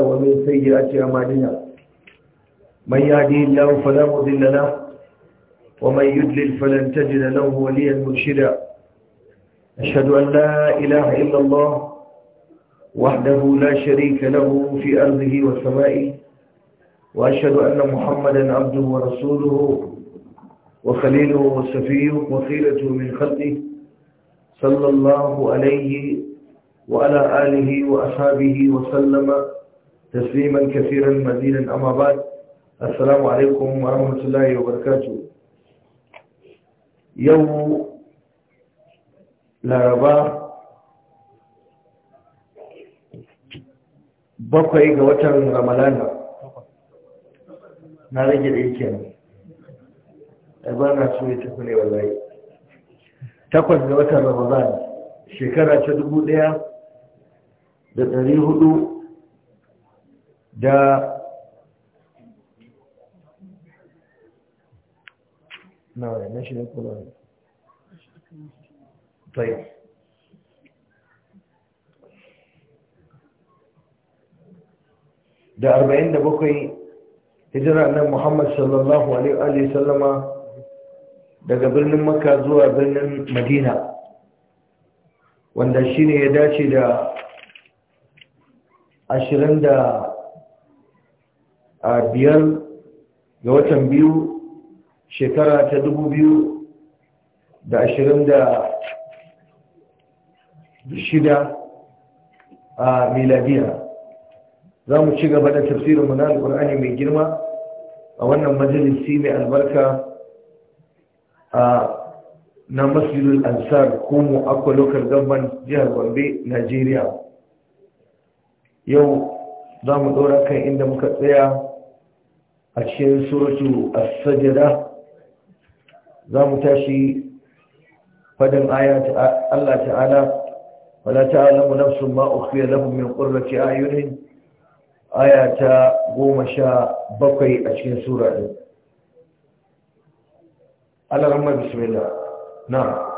ومن سيئات أعمالنا من يهدي الله فلا مضل له ومن يدلل فلن تجد له وليا مرشدا أشهد أن لا إله إلا الله وحده لا شريك له في أرضه وسمائه وأشهد أن محمدا عبده ورسوله وخليله وسفيه وخيرته من خلقه صلى الله عليه وعلى آله وأصحابه وسلم تسليما كثيرا مزيدا أما بعد السلام عليكم ورحمة الله وبركاته يوم laraba bakwai ga watan ramalana na rage da yake ba na so ya tafi ne wallahi takwas ga watan ramadana shekara ta dubu ɗaya da dari hudu da nawa na shi ne kuma tsaye da arba'in da bakwai hijira nan muhammad sallallahu alaihi sallama daga birnin makka zuwa birnin madina wanda shi ne ya dace da ashirin da a biyar ga watan biyu shekara ta dubu biyu da ashirin da shida a miladiya za mu ci gaba da tafsirinmu na Alƙur'ani mai girma a wannan majalisi mai albarka a na masjidul ansar mu akwa lokal gamban jihar gombe najeriya yau za mu ɗora kan inda muka tsaya a cikin suratu as-sajda za mu tashi fadin ayat Allah ta'ala wala ta'lamu nafsun ma ukhfiya lahum min qurrati a'yunin ayata bakwai a cikin sura din Allah bismillah na'am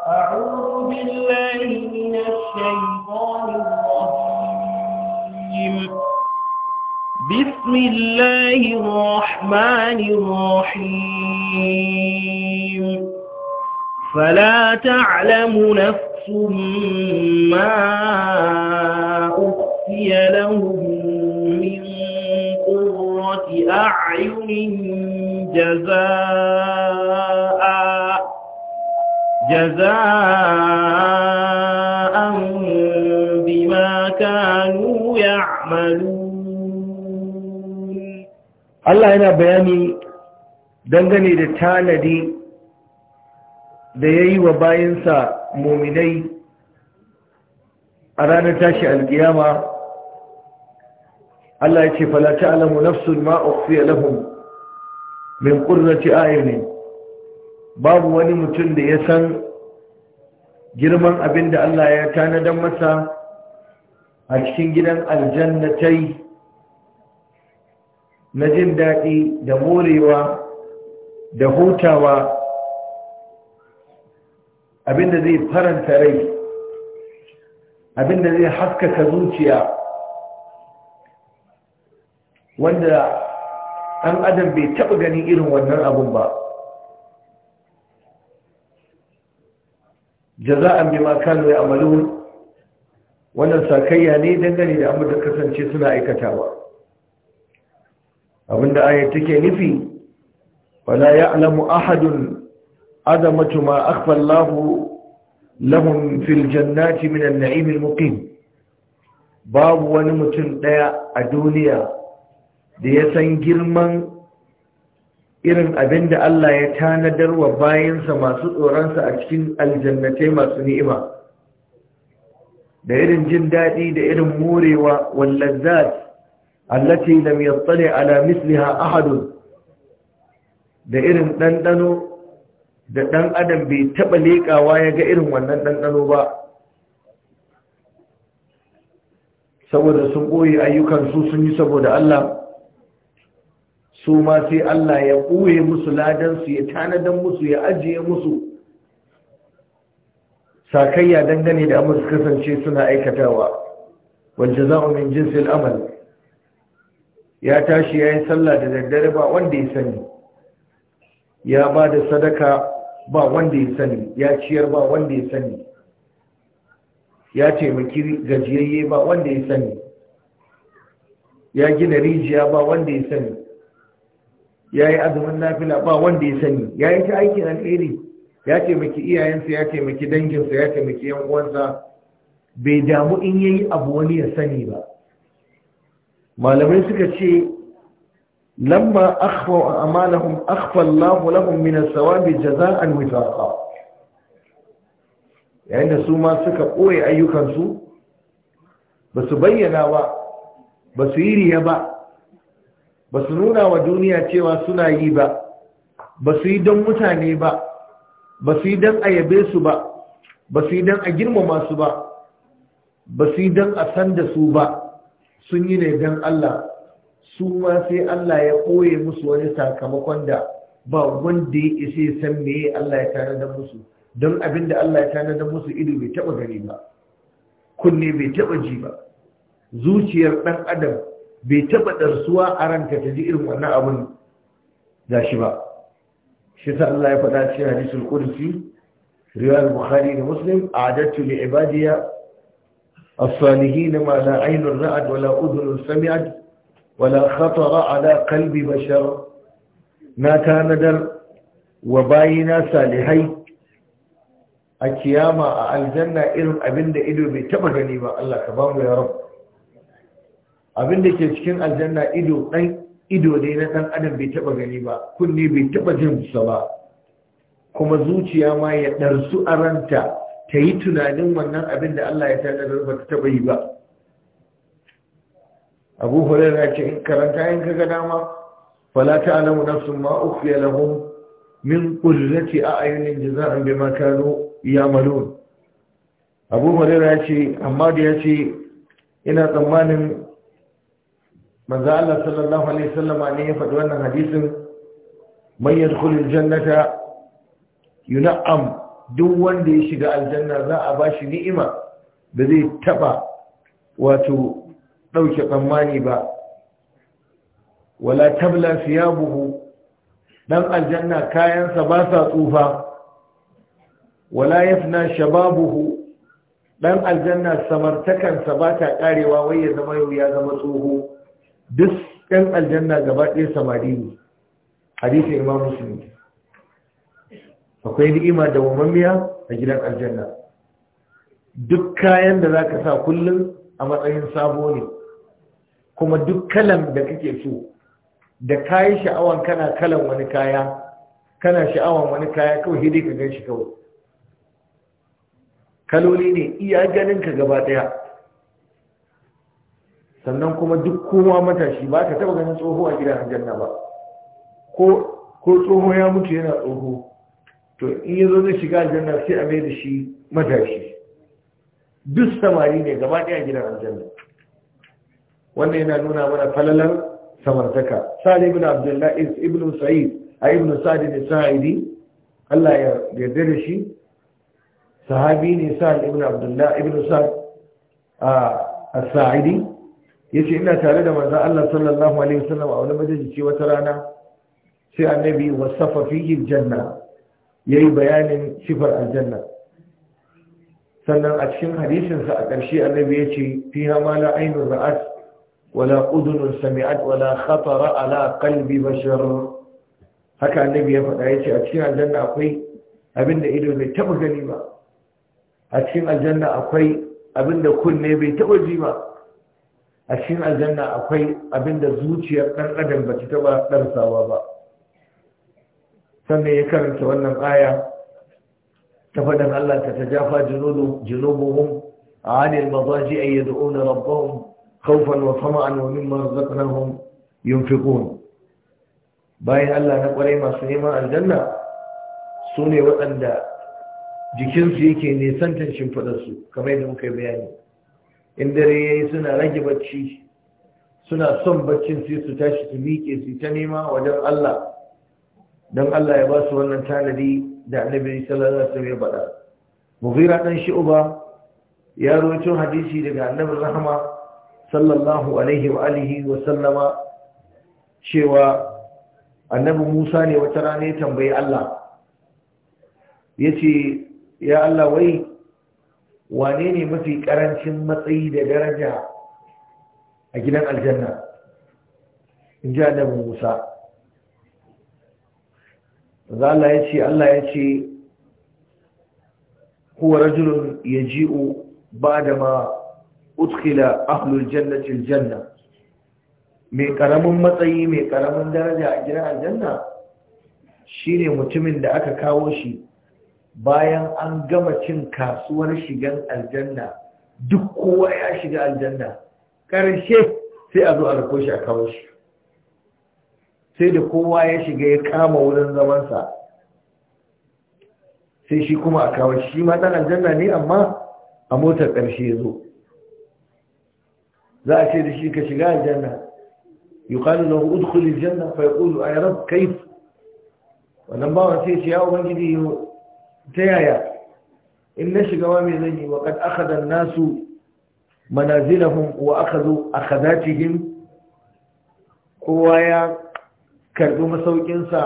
أعوذ بالله من الشيطان الرجيم بسم الله الرحمن الرحيم فلا تعلم نفس ما أخفي لهم من قرة أعين جزاء جزاء بما كانوا يعملون Allah yana bayani dangane da tanadi da ya yi wa bayansa mominai a ranar tashi alkiyama Allah ya ce falata alamu nafsun ma'ofi alahun min ƙurrati ayyunin babu wani mutum da ya san girman abin da Allah ya tanadan masa a cikin gidan aljannatai na jin daɗi da morewa da hutawa abinda zai faranta rai abinda zai haskaka zuciya wanda an adam bai taɓa ganin irin wannan abun ba jaza'an bi ma kanu ya amalu wannan sakayya ne dangane da amma da kasance suna aikatawa abinda ayat take nufi wala ya'lamu ahadun azamatu ma akhfa Allahu lahum fil jannati min an-na'im al-muqim babu wani mutum daya a duniya da ya san girman irin abin da Allah ya tanadar wa bayansa masu tsoronsa a cikin aljannatai masu ni'ima da irin jin daɗi da irin morewa wallazat allati lam yattali ala misliha ahadun da irin ɗanɗano da ɗan adam bai taɓa leƙawa ya ga irin wannan ɗanɗano ba saboda sun ɓoye ayyukansu sun yi saboda Allah su ma sai Allah ya ɓoye musu ladansu ya tanadan musu ya ajiye musu sakayya dangane da amur kasance suna aikatawa wajen za'umin jinsin amal ya tashi ya yi sallah da daddare ba wanda ya sani ya ba da sadaka ba wanda ya sani ya ciyar ba wanda ya sani ya taimaki gajiyayye ba wanda ya sani ya gina rijiya ba wanda ya sani ya yi azumin nafila ba wanda ya sani ya yi ta aikin alheri ya taimaki iyayensa ya taimaki danginsa ya taimaki yan uwansa bai damu in yayi abu wani ya sani ba malamai suka ce lamma akhfa amalahum akhfa Allahu lahum min as-sawabi jaza'an wifaqa yayin da su ma suka koye ayyukan su ba su bayyana ba ba su yi riya ba ba su nuna wa duniya cewa suna yi ba ba su yi don mutane ba ba su yi don a su ba ba su yi don a girmama su ba ba su yi don a san da su ba sun yi ne don Allah su ma sai Allah ya koye musu wani sakamakon da ba wanda ya isa ya san meye Allah ya da musu don abin da Allah ya da musu ido bai taɓa gani ba kunne bai taɓa ji ba zuciyar ɗan adam bai taba ɗarsuwa a ranka ta ji irin wannan abin da shi ba shi sa Allah ya faɗa cikin hadisul qudsi riwayar bukhari da muslim a'adatu li ibadiya الصالحين ما لا عين رأت ولا أذن سمعت ولا خطر على قلب بشر ما تاندر وباينا صالحي a kiyama a aljanna irin abin da ido bai taba gani ba Allah ke cikin aljanna ido dan ido dai na dan adam bai taba gani ba kunne bai taba jin sa ba kuma zuciya ma ya darsu aranta ta yi tunanin wannan abin da Allah ya tattara ba ta taba yi ba abu hurairu ce in karanta in kaga dama fala na nafsun ma ya lahum min da a qurrati a'yunin jaza'an bima ya ya'malun abu hurairu ce amma da ce, ina tsammanin maza Allah sallallahu alaihi wasallama ne ya faɗi wannan hadisin man yadkhulul jannata yuna'am duk wanda ya shiga aljanna za a ba shi ni'ima da zai taba wato ɗauke tsammani ba wala tabla buhu. dan aljanna kayansa ba sa tsufa wala yafna shababuhu dan aljanna samartakansa ba ta karewa wai ya zama yau ya zama tsoho duk ɗan aljanna gaba ɗaya samari ne hadisin imam muslim akwai ni'ima da wamammiya a gidan aljanna duk kayan da za ka sa kullum a matsayin sabo ne kuma duk kalan da kake so da kayi sha'awan kana kalan wani kaya kana sha'awan wani kaya kawai hidai ka gan shi kawai kaloli ne iya ganin ka gaba daya sannan kuma duk kowa matashi ba ka taba ganin tsoho a gidan aljanna ba ko tsoho ya mutu yana tsoho to in yazo zai shiga aljanna sai a mai da shi matashi duk samari ne gaba ɗaya gidan aljanna wannan yana nuna mana falalar samartaka sa'ad ibn Abdullahi ibn sa'id a ibn sa'd ibn sa'idi Allah ya yarda da shi sahabi ne sa'ad ibn Abdullahi ibn sa'd a sa'idi yace ina tare da manzon Allah sallallahu alaihi wasallam a wani majalisi wata rana sai annabi wasafa fihi janna ya yi bayanin sifar aljanna sannan a cikin hadisinsa a ƙarshe annabi ya ce fi hama la ainihin ra'at wala ƙudunin sami'at wala khatara ala kalbi bashar haka annabi ya faɗa ya ce a cikin aljanna akwai abin da ido bai taɓa gani ba a cikin aljanna akwai abin da kunne bai taɓa ji ba a cikin aljanna akwai abin da zuciyar ɗan adam ba ta taɓa ɗarsawa ba sannan ya karanta wannan aya ta faɗin Allah ta tajafa junubuhum عن المضاجع يدعون ربهم خوفا وطمعا ومما رزقناهم ينفقون bayan Allah na ƙwarai masu neman aljanna su ne waɗanda jikinsu yake nisantar su, kamar yadda muka yi bayani in dare ya yi suna rage bacci suna son baccin sai su tashi su miƙe su ta nema wajen Allah don Allah ya ba su wannan tanadi da annabi sallallahu alaihi wasallam ya faɗa mughira dan shu'ba ya rawaito hadisi daga annabi rahama sallallahu alaihi wa alihi wa sallama cewa annabi Musa ne wata rana ya tambayi Allah yace ya Allah wai wane ne mafi karancin matsayi da daraja a gidan aljanna in ji annabi Musa zala ya ce Allah ya ce huwa rajulun yaji'u ba'da ma udkhila ahlul jannati janna. mai karamin matsayi mai karamin daraja a gidan aljanna shine mutumin da aka kawo shi bayan an gama cin kasuwar shigan aljanna duk kowa ya shiga aljanna ƙarshe sai a zo a rako shi a kawo shi sai da kowa ya shiga ya kama wurin zamansa sai shi kuma a kawo shi ma ɗan aljanna ne amma a motar ƙarshe ya zo za a ce da shi ka shiga aljanna yuqalu lahu udkhul aljanna fa yaqulu ay rab kayf wannan bawan sai ce ya ubangiji ta yaya in na shiga wa me zan yi wa kad akhadha an-nasu manazilahum wa akhadhu akhadatihim kowa ya karɓi masaukinsa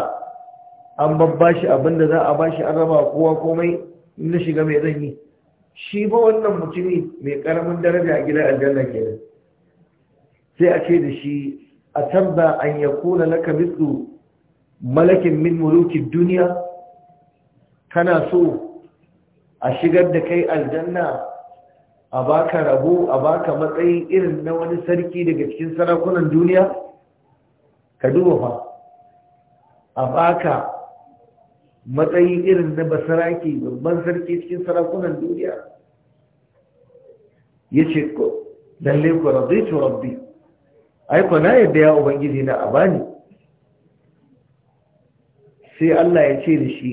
an babbashi abin da za a bashi an raba kowa komai in na shiga mai zan shi ba wannan mutumi mai karamin daraja a gidan aljanna kenan sai a ce da shi a tabba an ya kula laka mitsu malakin min mulukin duniya kana so a shigar da kai aljanna a baka rabo a baka matsayi irin na wani sarki daga cikin sarakunan duniya ka duba fa a baka matsayi irin na basaraki babban sarki cikin sarakunan duniya ya ce ko lalle ku rabbi tu rabbi aiko na yadda ya ubangiji na a bani sai Allah ya ce da shi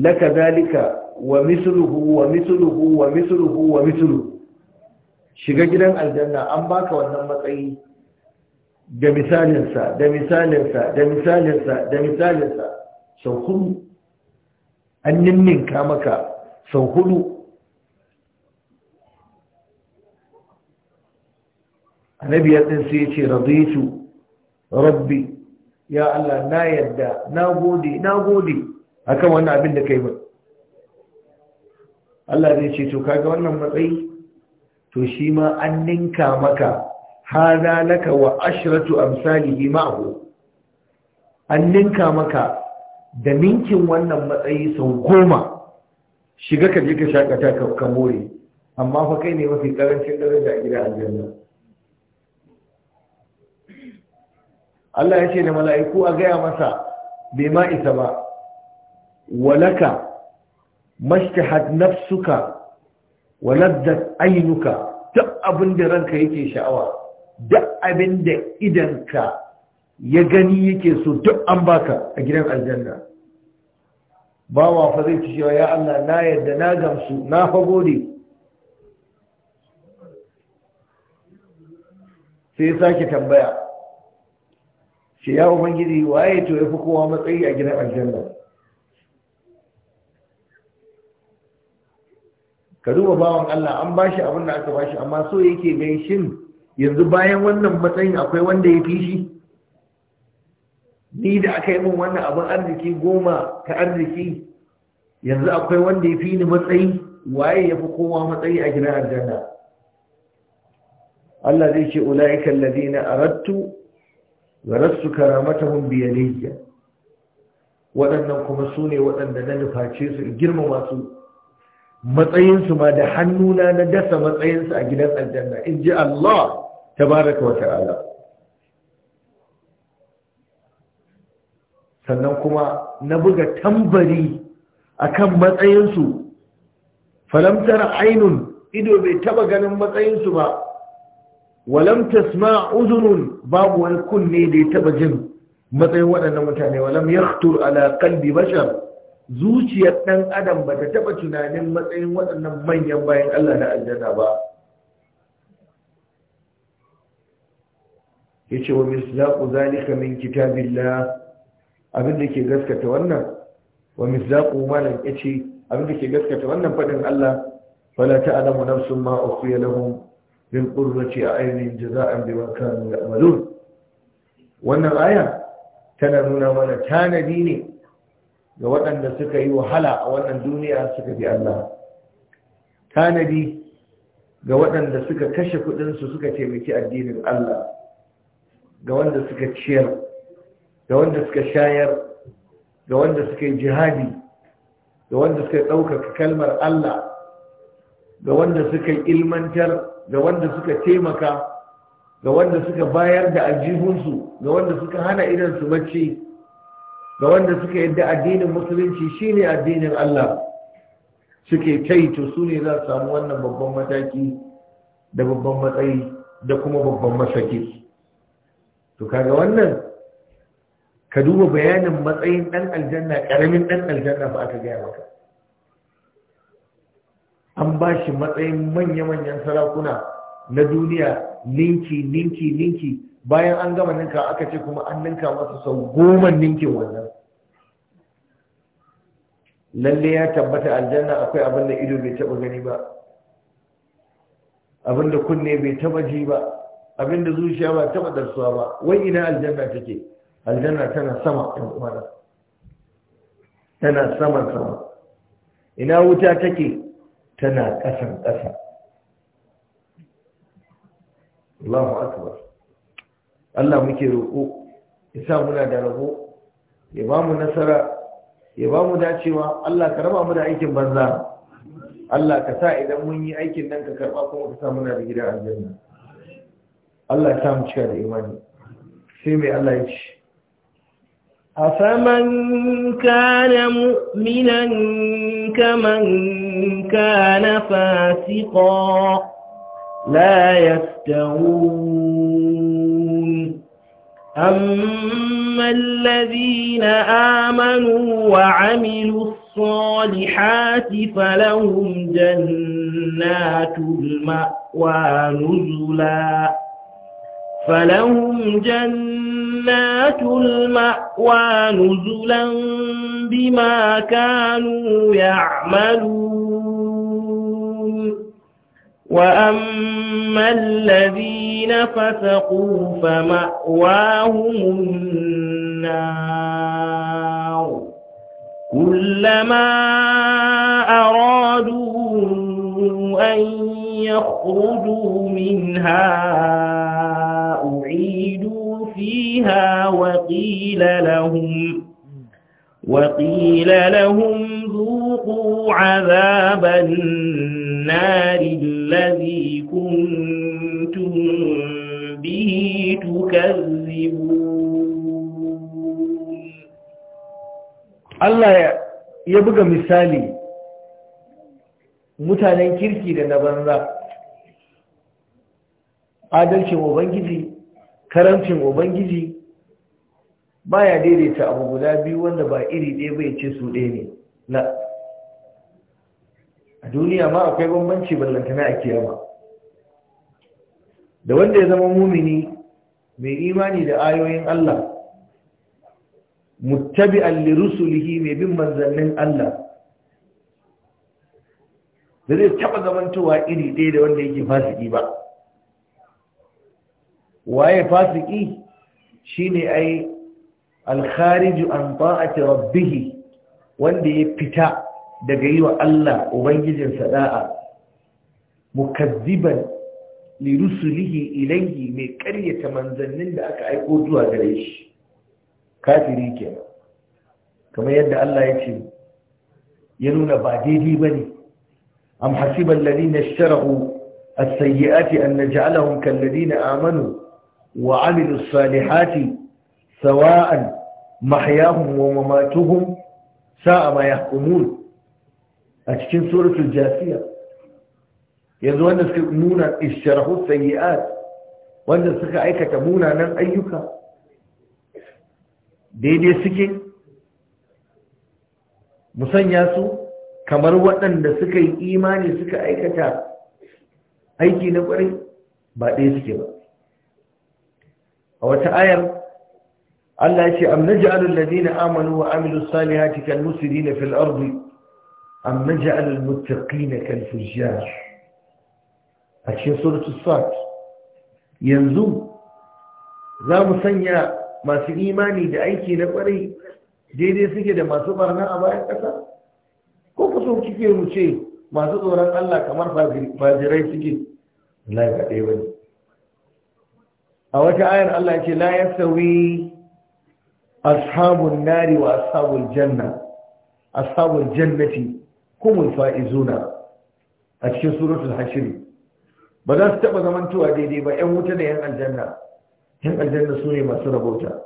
laka zalika wa misluhu wa misluhu wa misluhu wa misluhu shiga gidan aljanna an baka wannan matsayi da misalinsa da misalinsa da misalinsa da misalinsa sau hudu an ninka maka sau hudu annabi ya ɗin sai ce raditu rabbi ya Allah na yadda na gode na gode akan wannan abin da kai ba Allah zai ce to kaga wannan matsayi to shi ma an ninka maka hada laka wa ashratu amsalihi ma'ahu an ninka maka da ninkin wannan matsayi sau goma shiga ka je ka shakata ka more amma fa kai ne mafi karancin daraja a gida aljanna Allah ya ce da mala'iku a gaya masa bai ma isa ba walaka mashtahat nafsuka waladzat ainuka duk abinda da ranka yake sha'awa duk abin da ka ya gani yake so duk an baka a gidan aljanna bawa fa zai ci cewa ya Allah na yarda na gamsu na fagode sai sake tambaya shi ya ubangiji waye to ya fi kowa matsayi a gidan aljanna ka duba bawan Allah an bashi abin da aka bashi amma so yake gaishin yanzu bayan wannan matsayin akwai wanda ya fi shi ni da aka yi min wannan abin arziki goma ta arziki yanzu akwai wanda ya fi ni matsayi waye ya fi kowa matsayi a gidan aljanna Allah zai ce ula'ika allazina aradtu wa rasu karamatahum bi yadayya waɗannan kuma su ne waɗanda na nuface su girmama su matsayinsu ma da hannuna na dasa matsayinsu a gidan aljanna in ji Allah tabaraka wata ta'ala sannan kuma na buga tambari a kan matsayinsu falamtar ainun ido bai taba ganin matsayinsu ba walam tasma uzunun babu wani kunne da ya taba jin matsayin waɗannan mutane walam yakhtur ala qalbi bashar zuciyar ɗan adam bata taba tunanin matsayin waɗannan manyan bayan Allah na aljanna ba Ya ce, wa misdaqu zalika min kitabillah abin da ke gaskata wannan wa misdaqu malan yace abin da ke gaskata wannan fadin Allah fala ta'lamu nafsun ma ukhfiya lahum min qurrati a'yunin jaza'an bima kanu ya'malun wannan aya tana nuna mana tanadi ne ga waɗanda suka yi wahala a wannan duniya suka bi Allah tanadi ga waɗanda suka kashe kuɗinsu suka taimaki addinin Allah ga wanda suka ciyar ga wanda suka shayar ga wanda suka yi jihadi ga wanda suka ɗaukaka kalmar Allah ga wanda suka yi ilmantar ga wanda suka taimaka ga wanda suka bayar da aljihunsu ga wanda suka hana idansu bacci ga wanda suka yadda addinin musulunci shine addinin Allah suke taito su ne za su samu wannan babban mataki da babban matsayi da kuma babban masaki to kaga wannan ka duba bayanin matsayin ɗan aljanna ƙaramin ɗan aljanna ba aka gaya maka an ba shi matsayin manya-manyan sarakuna na duniya ninki ninki ninki bayan an gama ninka aka ce kuma an ninka masa sau goma ninkin wannan lalle ya tabbata aljanna akwai abin da ido bai taɓa gani ba abin da kunne bai taba ji ba abinda zuciya ba taba darsuwa ba wai ina aljanna take aljanna tana sama kan uwana tana saman sama ina wuta take tana ƙasan ƙasa Allahu akbar Allah muke roƙo ya sa muna da rabo ya ba mu nasara ya ba mu dacewa Allah ka raba mu da aikin banza Allah ka sa idan mun yi aikin nan ka karba kuma ka sa muna da gidan aljanna الله ya samu إيمان سيمي الله sai أفمن كان مؤمنا كمن كان فاسقا لا يستوون أما الذين آمنوا وعملوا الصالحات فلهم جنات المأوى نزلاً فلهم جنات المأوى نزلا بما كانوا يعملون وأما الذين فسقوا فمأواهم النار كلما أرادوا أَن يَخْرُجُوا مِنْهَا أُعِيدُوا فِيهَا وَقِيلَ لَهُمْ وَقِيلَ لَهُمْ ذُوقُوا عَذَابَ النَّارِ الَّذِي كُنتُم بِهِ تُكَذِّبُونَ الله يبقى مثالي mutanen kirki da na banza adalcin ubangiji karancin ubangiji ba ya daidaita abu guda biyu wanda ba iri ɗaya bai ce su ɗaya ne na a duniya ma akwai bambanci ballantana a kiyama da wanda ya zama mumini mai imani da ayoyin Allah muttabi'an lirusulihi mai bin manzannin Allah da zai taɓa zamantowa iri ɗaya da wanda yake fasiki ba waye fasiki shine ai alkhariju an ta'ati rabbih wanda ya fita daga yi wa Allah ubangijinsa da'a mukazziban li rusulihi ilayhi mai karyata manzannin da aka aiko zuwa gare shi kafiri kenan kamar yadda Allah ya ce ya nuna ba daidai bane أم حسب الذين اشتروا السيئات أن نجعلهم كالذين آمنوا وعملوا الصالحات سواء محياهم ومماتهم ساء ما يحكمون أتكين سورة الجاثية يزو أن سكمونا اشتروا السيئات وأن سكعيك تمونا نم أيك ديدي سكين musanya su kamar waɗanda suka yi imani suka aikata aiki na ƙwari, ba ɗaya suke ba a wata ayar Allah ya ce am naj'alul ladina amanu wa amilus salihati kal musrifina fil ardi am naj'alul muttaqina kal fujjar a cikin surutu sat yanzu za mu sanya masu imani da aiki na ƙwari daidai suke da masu barna a bayan ƙasa ko ku kike mu ce masu tsoron Allah kamar fajirai suke la ga ɗaya ne. a wata ayar Allah ya ce la sauri ashabun nari wa ashabun janna ashabun jannati kumul faizuna a cikin suratul hashiri ba za su taɓa zamantowa daidai ba yan wuta da yan aljanna yan aljanna su ne masu rabauta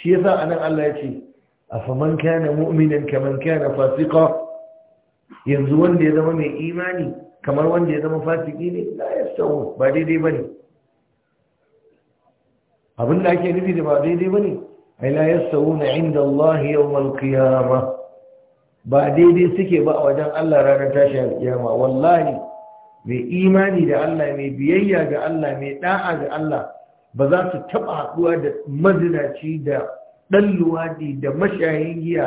shi yasa anan Allah ya ce afaman kana mu'minan kaman kana fasiqa yanzu wanda ya zama mai imani kamar wanda ya zama fasiki ne la yasawu ba daidai bane abin da ake nufi da ba daidai bane ai la na inda Allah yawmal qiyamah ba daidai suke ba a wajen Allah ranar tashi alkiyama wallahi mai imani da Allah mai biyayya ga Allah mai da'a ga Allah ba za su taba haɗuwa da mazinaci da ɗan luwadi da mashayin giya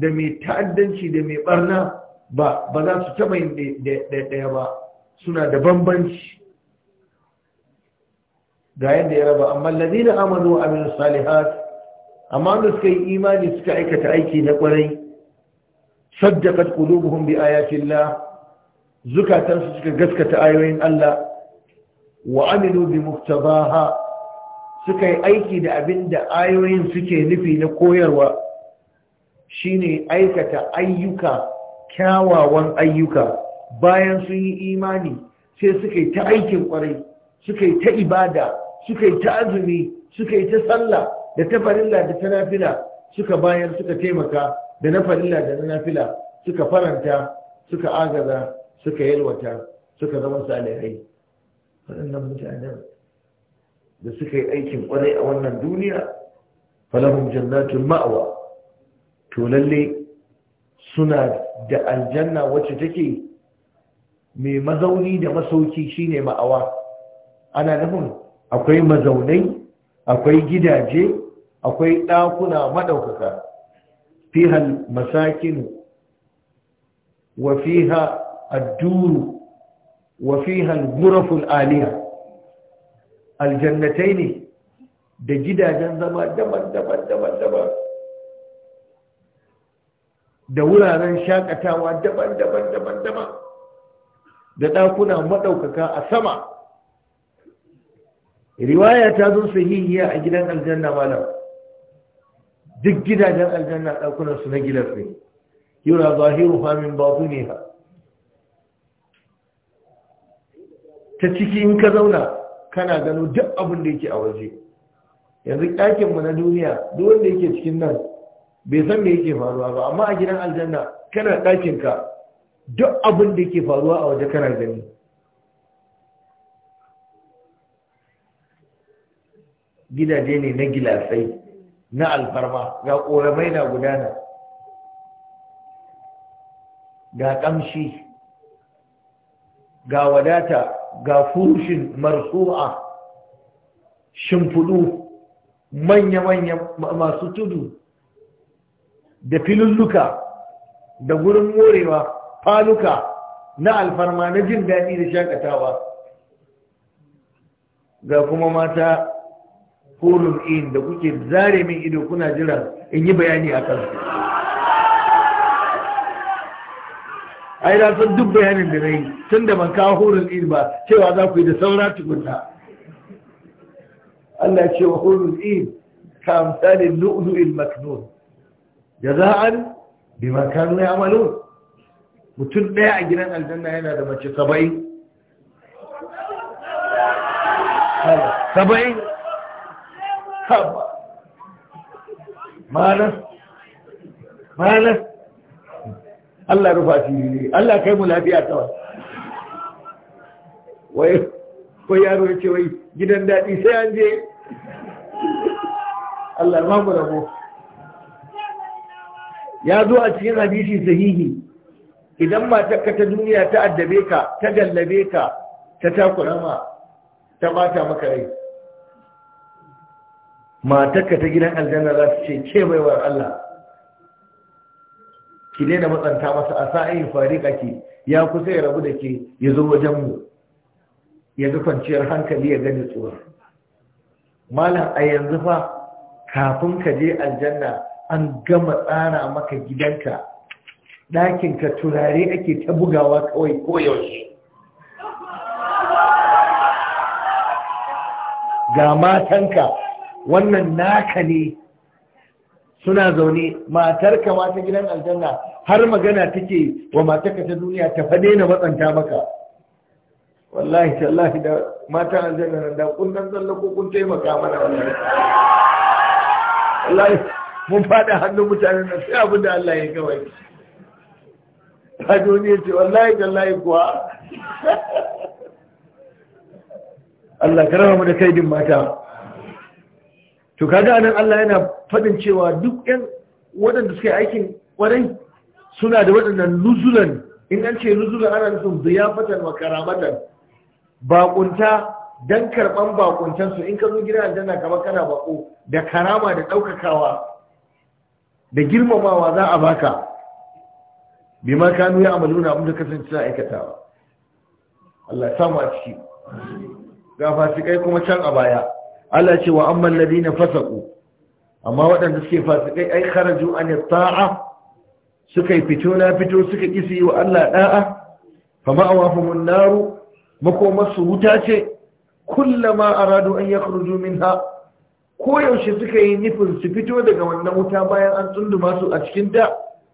da mai ta'addanci da mai ɓarna ba ba za su taɓa yin ɗaya ba suna da bambanci ga yadda ya raba amma ladina amanu wa aminu salihat amma da suka yi imani suka aikata aiki na kwarai saddaqat qulubuhum bi ayatillah zukatansu zukatansu suka gaskata ayoyin Allah wa amilu bi muftabaha suka yi aiki da abin da ayoyin suke nufi na koyarwa shine aikata ayyuka kyawawan ayyuka bayan sun yi imani sai suka yi ta aikin kwarai suka yi ta ibada suka yi ta azumi suka yi ta sallah da ta farilla da ta nafila suka bayar suka taimaka da na farilla da na nafila suka faranta suka agaza suka yalwata suka zama salihai waɗannan mutanen da suka yi aikin kwarai a wannan duniya falahum jannatul ma'wa to lalle suna da aljanna wacce take mai mazauni da masauki shine ma'awa ana nufin akwai mazaunai akwai gidaje akwai ɗakuna maɗaukaka fihal masakinu wa fiha adduru wa fiha alghuraful aliyah aljannatai ne da gidajen zama daban-daban-daban-daban da wuraren shakatawa daban-daban-daban-daban da ɗakuna maɗaukaka a sama riwaya ta zo sahihiya a gidan aljanna malam duk gidajen aljanna su na gidan ne yura zahiru hamin bazu ne ha ta ciki in ka zauna kana gano duk abin da yake a waje yanzu ɗakin mu na duniya duk wanda yake cikin nan bai san me yake faruwa ba amma a gidan aljanna kana ɗakin ka duk abin da yake faruwa a waje kana gani gidaje ne na gilasai na alfarma ga ƙoramai na gudana ga ƙamshi ga wadata ga furushin marsu'a shimfudu manya-manya masu tudu da filulluka da gurin morewa faluka na alfarma na jin daɗi da shakatawa ga kuma mata hulun in da kuke zare min ido kuna jira in yi bayani a kansu ai na san duk bayanin da na yi tun da ban kawo horon in ba cewa za ku yi da saura tukunna Allah ce wa horon in ka amsali il maknun jaza'an bi makanu ya amalu mutum ɗaya a gidan aljanna yana da mace saba'in saba'in haba malas malas Allah rufa ne, Allah kai mu lafiya kawai wai ko yaro ya ce wai gidan daɗi sai an je Allah ma mu rabo ya zo a cikin hadisi sahihi idan matarka ta duniya ta addabe ka ta gallabe ka ta takurama, ta bata maka rai matarka ta gidan aljanna za su ce ce baiwar Allah ki daina matsanta masa a sa'in farika ake, ya kusa ya rabu da ke ya zo wajen mu ya ga kwanciyar hankali ya gani tsoro malam a yanzu fa kafin ka je aljanna an gama tsara maka gidanka ka turare ake ta bugawa kawai koyaushe ga matanka wannan naka ne suna zaune matar kama ta gidan aljanna har magana take wa matarka ta duniya ta fade na matsanta maka wallahi tallahi da matan aljanna nan da kun dan zalla ko kun taimaka mana wallahi wallahi mun fada hannun mutanen nan sai abinda da Allah ya kawai ta duniya ce wallahi tallahi kuwa Allah karama mu da kaidin mata to kaga anan Allah yana faɗin cewa duk ƴan waɗanda suka aikin ƙwarai suna da waɗannan nuzulan in an ce nuzulan ana nufin ziyafatan wa karamatan baƙunta dan karɓan baƙuntan in ka zo gida aljanna kamar kana baƙo da karama da ɗaukakawa da girmamawa za a baka bi ma kanu ya amalu na abin da kasance suna aikatawa Allah ya samu a ciki ga fasikai kuma can a baya Allah ce wa amman ladina fasaqu amma waɗanda suke fasikai ai kharaju an ta'a suka fito na fito suka kisi wa Allah da'a fa ma'awahumun naru makoma su wuta ce kullama aradu an yakhruju minha koyaushe suka yi nufin su fito daga wannan wuta bayan an tsunduma su a cikin ta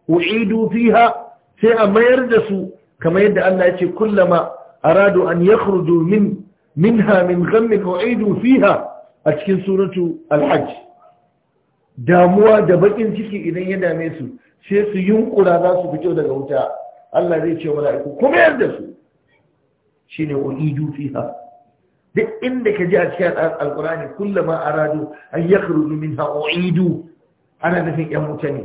u'idu fiha sai a mayar da su kamar yadda Allah ya ce kullama aradu an yakhruju min minha min ghammin u'idu fiha a cikin suratu Alhaj, damuwa da bakin ciki idan ya dame su sai su yunkura za su fito daga wuta Allah zai ce iku kuma yarda su shine uidu fiha duk inda ka ji a cikin alqur'ani kullama aradu an yakhruju minha uidu ana nufin yan wuta ne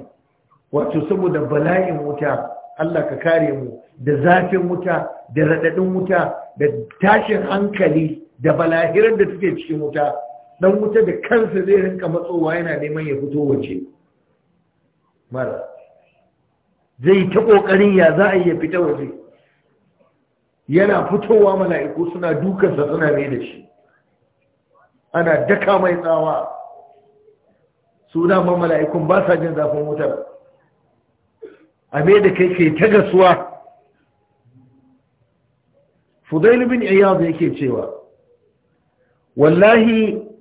wato saboda bala'in wuta Allah ka kare mu da zafin wuta da radadin wuta da tashin hankali da balahirar da take cikin wuta dan wuta da kansa zai rinka matsowa yana neman ya fito waje mara zai ta kokarin ya za a yi ya fita waje yana fitowa mala'iku suna dukansa suna mai da shi ana daka mai tsawa su dama mala'ikun ba sa jin zafin wutar a mai da kai ke ta gasuwa fudailu bin iyaz yake cewa wallahi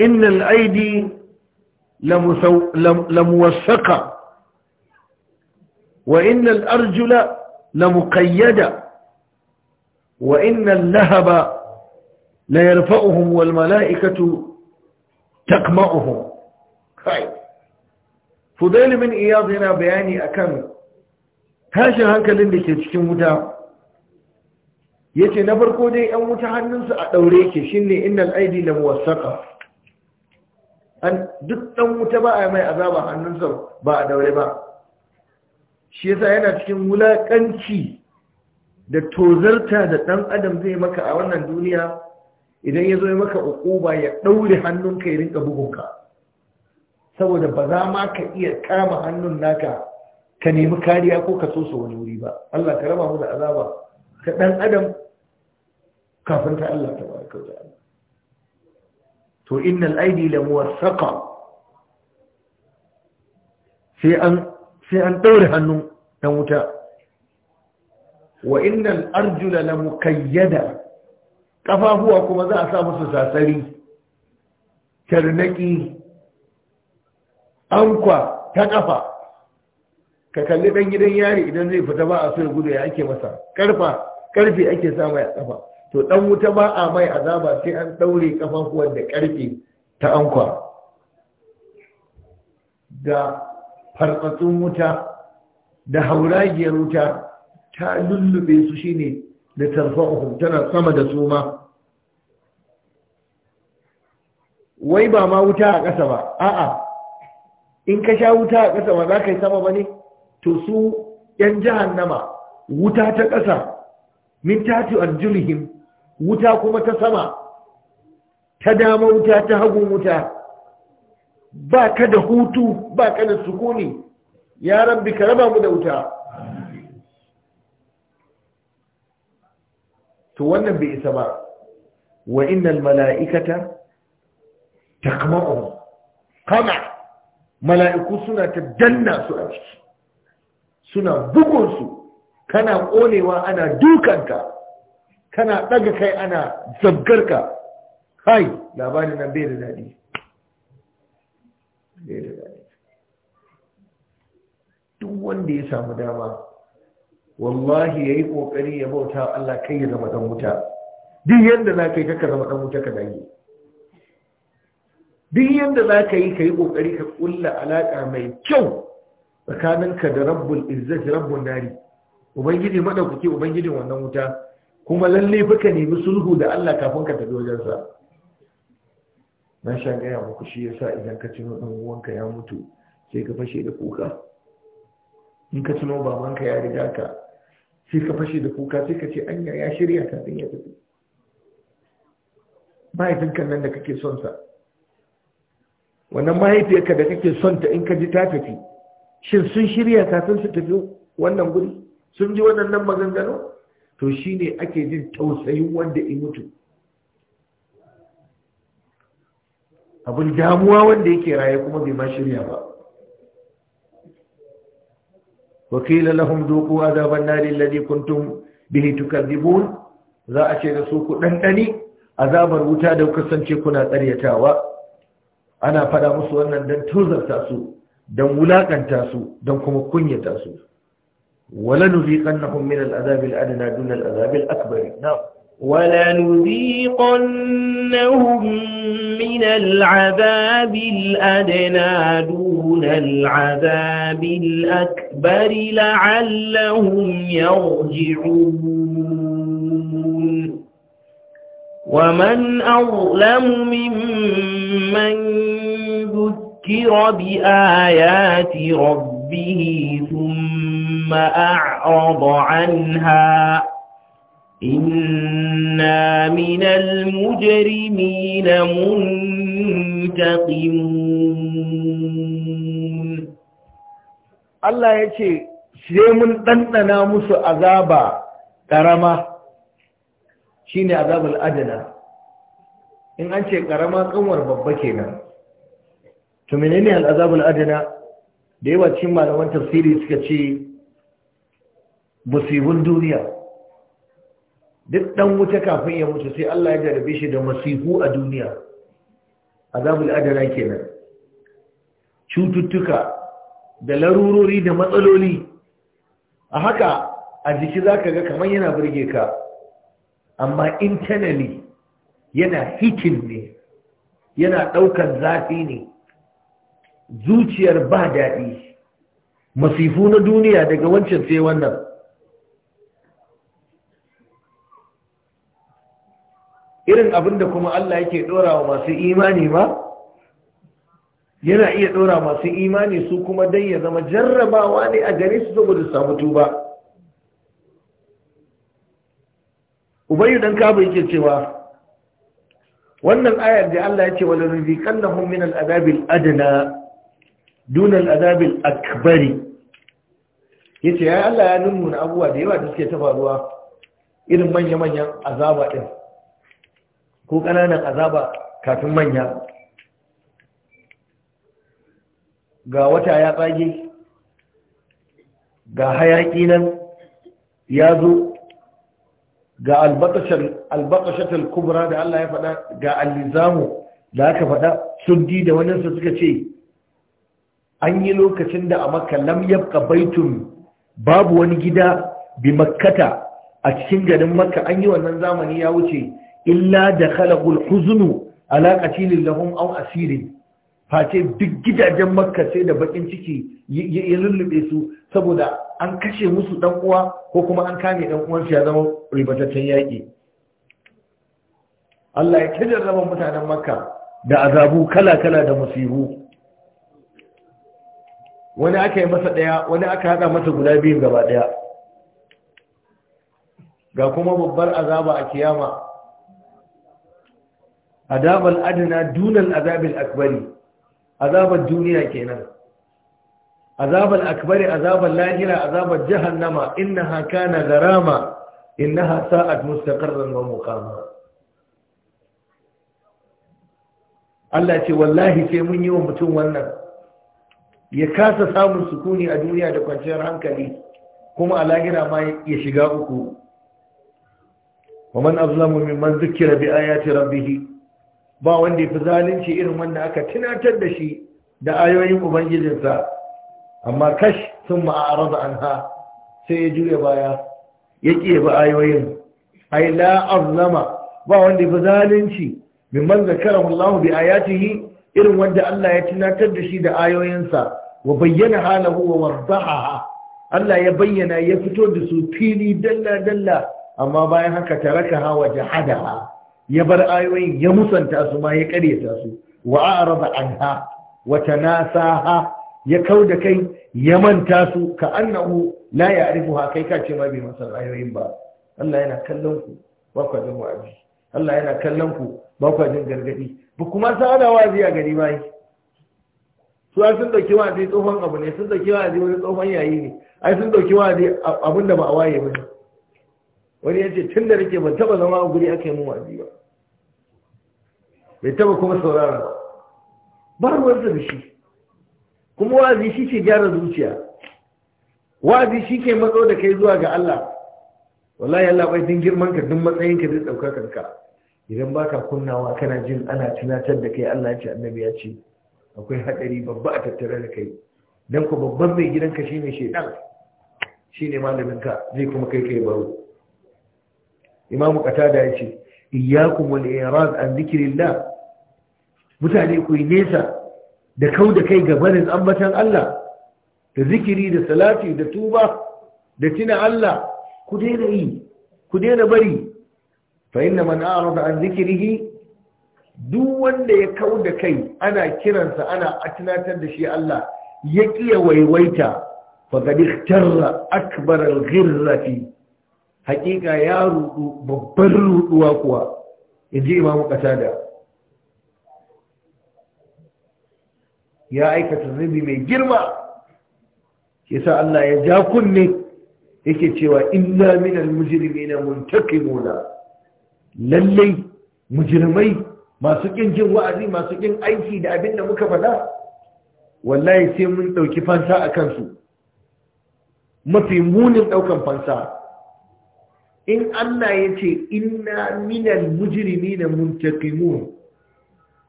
إن الأيدي لموثقة وإن الأرجل لمقيدة وإن اللهب ليرفعهم والملائكة تقمعهم خير طيب. فضيل من إياضنا بياني أكمل هاشا هكا لن تتكلم متى يتنبر قودي أو متحنن سأدوريك شني إن الأيدي لموثقة an duk dan wuta ba a mai azaba hannunsa ba a daure ba shi yasa yana cikin wulakanci da tozarta da dan adam zai maka a wannan duniya idan ya zo ya maka ukuba ya daure hannunka ya rinka bugunka saboda ba za ma ka iya kama hannun naka ka nemi kariya ko ka so wani wuri ba Allah ka raba mu da azaba ka dan adam kafin ta Allah ta baraka da Allah to innal aidi la muwassaqa sai an sai an daure hannu na wuta wa innal arjula la mukayyada. kafafuwa kuma za a sa musu sasari tarnaki ankwa ta kafa ka kalli dan gidan yari idan zai fita ba a so ya gudu ya ake masa karfa karfe ake sa mai kafa to ɗan wuta ba a mai azaba sai an daure kafafuwan da karfe ta ankwa da farfatsun wuta da hauragiyar wuta ta lullube su shine da tarfa'uhum tana sama da su ma wai ba ma wuta a ƙasa ba a'a in ka sha wuta a ƙasa ba za ka yi sama ba ne to su 'yan jahannama wuta ta ƙasa min tatu arjulihim wuta kuma ta sama ta dama wuta ta hagu wuta ba ka da hutu ba ka da sukuni ya bi ka raba mu da wuta to wannan bai isa ba wa innal mala'ikata taqma'u kama mala'iku suna ta danna su a ciki suna bugun su kana konewa ana dukanka kana ɗaga kai ana zabgar ka kai labarin nan bai da daɗi duk wanda ya samu dama wallahi ya yi ƙoƙari ya bauta Allah kai ya zama ɗan wuta duk yadda za ka yi kakka zama ɗan wuta ka dage duk yadda za ka yi ka yi ƙoƙari ka ƙulla alaƙa mai kyau tsakaninka da rabbul izzati rabbul nari ubangiji madaukaki ubangijin wannan wuta kuma lalle fa ka nemi sulhu da Allah kafin ka tafi wajen sa na sha gaya muku shi yasa idan ka tuno dan uwanka ya mutu sai ka fashe da kuka in ka tuno babanka ya riga ka sai ka fashe da kuka sai ka ce anya ya shirya kafin ya tafi mahaifinka nan da kake son sa wannan mahaifiyarka da kake son ta in ka ji ta tafi shin sun shirya kafin su tafi wannan guri sun ji wannan nan maganganu to shi ne ake jin tausayin wanda in mutu abin damuwa wanda yake raye kuma bai ma shirya ba wakila lahum duku azaban nari alladhi kuntum bihi tukadhibun za a ce da su ku dandani azabar wuta da kusance kuna tsaryatawa ana fada musu wannan dan tuzarta su dan wulakanta su dan kuma kunyata su ولنذيقنهم من العذاب الأدنى دون العذاب الأكبر نعم ولنذيقنهم من العذاب الأدنى دون العذاب الأكبر لعلهم يرجعون ومن أظلم ممن ذكر بآيات ربه ثم ثم أعرض عنها إنا من المجرمين منتقمون الله يتي سيمن تنتنا مسو أذابا كرما شيني أذاب الأدنى in an ce karama kanwar babba kenan to menene al'azabar adana da yawa cikin malaman tafsiri suka ce musibin duniya duk dan wuce kafin ya mutu sai Allah ya jarabe shi da masifu a duniya azabul adana kenan cututtuka da larurori da matsaloli a haka a jiki zaka ga kamar yana burge ka amma internally yana hikin ne yana ɗaukan zafi ne zuciyar ba daɗi masifu na duniya daga wancan sai wannan irin abin da kuma Allah yake dora wa masu imani ba yana iya dora masu imani su kuma dai ya zama jarrabawa ne a gare su saboda samu tuba ubayu dan kaba yake cewa wannan ayar da Allah ya ce wala ruziqannahum min al al adna dun al al akbari yace ya Allah ya nuna abubuwa da yawa da suke ta faruwa irin manya-manyan azaba din ko ƙananan azaba kafin manya ga wata ya tsage ga hayaƙi nan ya zo ga albakashatul kubra da Allah ya faɗa ga alizamu da aka faɗa Sudi da waninsa suka ce an yi lokacin da a makka lam ƙabaitun baitun babu wani gida bi makkata a cikin garin makka an yi wannan zamani ya wuce illa da khalaqul huznu ala qatilin lahum aw asirin face duk gidajen makka sai da bakin ciki ya lullube su saboda an kashe musu dan uwa ko kuma an kame dan uwansu ya zama ribataccen yaki. Allah ya zaman mutanen makka da azabu kala-kala da musibu wani aka yi masa ɗaya wani aka haɗa masa guda biyu gaba ɗaya ga kuma babbar azaba a kiyama azabal adana dunan azabin akbari azabar duniya kenan azabar akbari azabar lahira azabar jahannama innaha na garama innaha sa'at mustaqarran wa muqama Allah ce wallahi sai mun yi wa mutum wannan ya kasa samun sukuni a duniya da kwanciyar hankali kuma a lahira ma ya shiga uku wa man azlamu mimman zukira bi ayati rabbih ba wanda fi zalunci irin wanda aka tunatar da shi da ayoyin ubangijinsa amma kash sun ma'arada anha sai ya juya baya ya ƙi ba ayoyin ai azlama ba wanda fi zalunci mimman zakarahu Allah bi ayatihi irin wanda Allah ya tunatar da shi da ayoyinsa wa bayyana halahu wa wardaha Allah ya bayyana ya fito da su fili dalla dalla amma bayan haka taraka hawa jahadaha ya bar ayoyin ya musanta su ma ya karyata su wa araba anha wa tanasaha ya kau da kai ya manta su ka annahu la ya'rifuha kai ka ce ma bai masa ayoyin ba Allah yana kallon ku ba ku jin wa'azi Allah yana kallon ku ba ku jin gargadi ba kuma sa ana wa'azi a gari bai su sun dauki wa'azi tsohon abu ne sun dauki wa'azi wani tsohon yayi ne ai sun dauki wa'azi abin da ba a waye ba wani ya ce tun da nake ban taba zama a guri aka yi mu wa'azi ba bai taba kuma sauraron ba ba ruwan da shi kuma wa'azi shi ke gyara zuciya wa'azi shi ke matso da kai zuwa ga Allah wallahi Allah bai din girman ka duk matsayin ka zai dauka ka idan baka kunnawa kana jin ana tunatar da kai Allah ya ce annabi ya ce akwai hadari babba a tattare da kai dan ku babban mai gidan gidanka shine shedan shine malamin ka zai kuma kai kai baro imamu qatada ya ce iyyakum wal i'rad an dhikrillah mutane ku yi nesa da kau da kai gabanin ambatan Allah da zikiri da salati da tuba da tina Allah ku daina yi ku daina bari fa inna man a'rada an zikrihi duk wanda ya kau da kai ana kiransa ana atinatar da shi Allah ya kiya waiwaita fa qad ikhtarra akbar al-ghirrati haqiqa ya rudu babbar ruduwa kuwa inji imamu kasada ya aikata zunubi mai girma yasa Allah ya ja kunne yake cewa inna minal mujrimina muntakimuna lallai mujrimai masu kin jin wa'azi masu ƙin aiki da abin da muka faɗa wallahi sai mun ɗauki fansa a kansu mafi munin ɗaukan fansa in Allah ya ce inna minal mujrimina muntakimun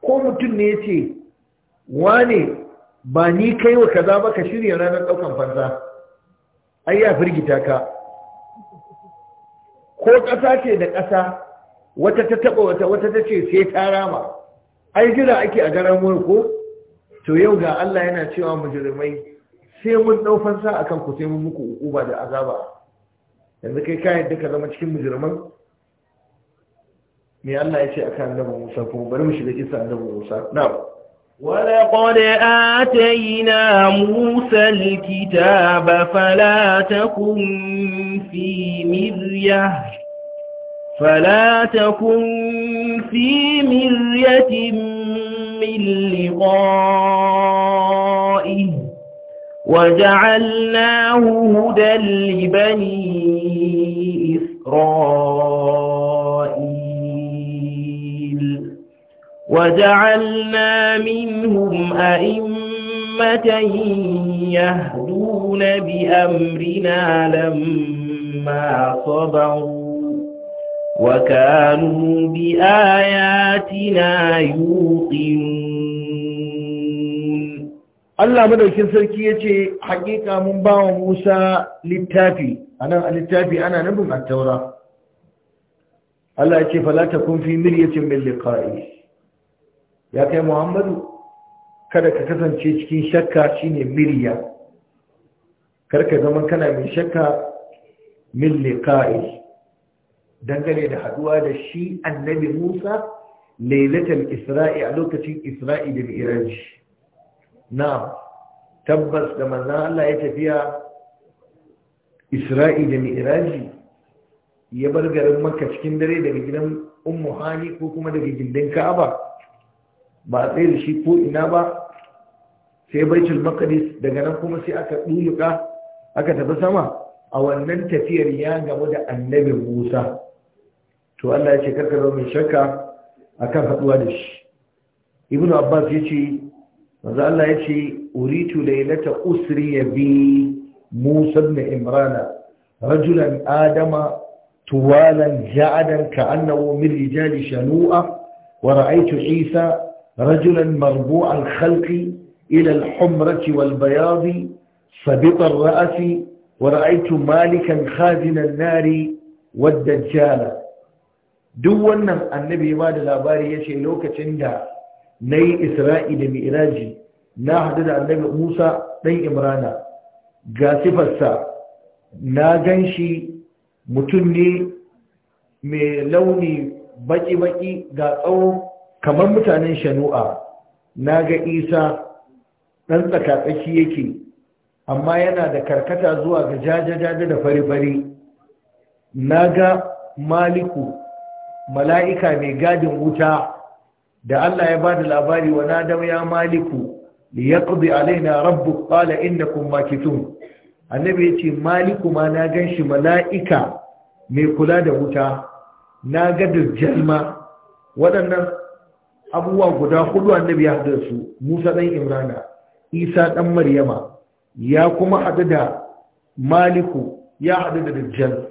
ko mutum ne ya ce wane ba ni kai wa kaza ba ka shirya ranar ɗaukan fansa ai ya firgita ka ko ƙasa ce da ƙasa wata ta taɓa wata wata ta ce sai ta rama ai jira ake a garan ko to yau ga Allah yana cewa mujrimai sai mun ɗau fansa akan ku sai mun muku uba da azaba yanzu kai kayan da ka zama cikin mujriman me Allah ya ce akan annabi Musa kuma bari mu shiga kisa annabi Musa na'am ولقد آتينا موسى الكتاب فلا تكن في مرية فلا تكن في مرية من لقائه وجعلناه هدى لبني إسرائيل وجعلنا منهم أئمة يهدون بأمرنا لما صبروا وكانوا بآياتنا يوقنون الله من الكن سركية حقيقة من باو موسى للتافي أنا للتافي أنا نبو مع التوراة الله يتفى لا تكون في مرية من لقائه ya kai muhammadu kada ka kasance cikin shakka shine mirya karka zama kana mai shakka min liqa'i dangane da haduwa da shi annabi Musa lailatul Isra'i a lokacin Isra'i da Mi'raj Na tabbas da manzon Allah ya tafiya Isra'i da Mi'raj ya bar garin Makka cikin dare daga gidan Ummu ko kuma daga gindin Ka'aba ba a tsaye da shi ko ina ba sai baitul maqdis daga nan kuma sai aka duyuka aka tafi sama a wannan tafiyar ya gamu da annabi Musa to Allah ya ce karka zo mai shakka akan haduwa da shi ibnu abbas yace manzo Allah yace uritu laylata usri bi Musa ibn Imran rajulan adama tuwalan ja'adan ka'annahu min rijali shanu'a wa ra'aytu Isa رجلا مربوع الخلق إلى الحمرة والبياض سبط الرأس ورأيت مالكا خازن النار والدجال duk wannan annabi ma da labari ya ce lokacin da na yi isra'i da mi'iraji na haɗu da annabi musa ɗan imrana ga sifarsa na gan shi mutum ne mai launi baƙi-baƙi ga tsawo kamar mutanen shanu'a na ga isa ɗan tsakatsaki yake amma yana da karkata zuwa ga jajajaja da fari-fari na ga maliku mala'ika mai gadin wuta da Allah ya ba da labari wa nadam ya maliku da ya ƙubi alaina rabu ƙwala inda kuma kitun annabi ya ce maliku ma na gan shi mala'ika mai kula da wuta na ga da ma waɗannan abubuwa guda hudu annabi ya haɗu su musa ɗan imrana isa ɗan maryama ya kuma haɗu da maliku ya haɗu da dajjal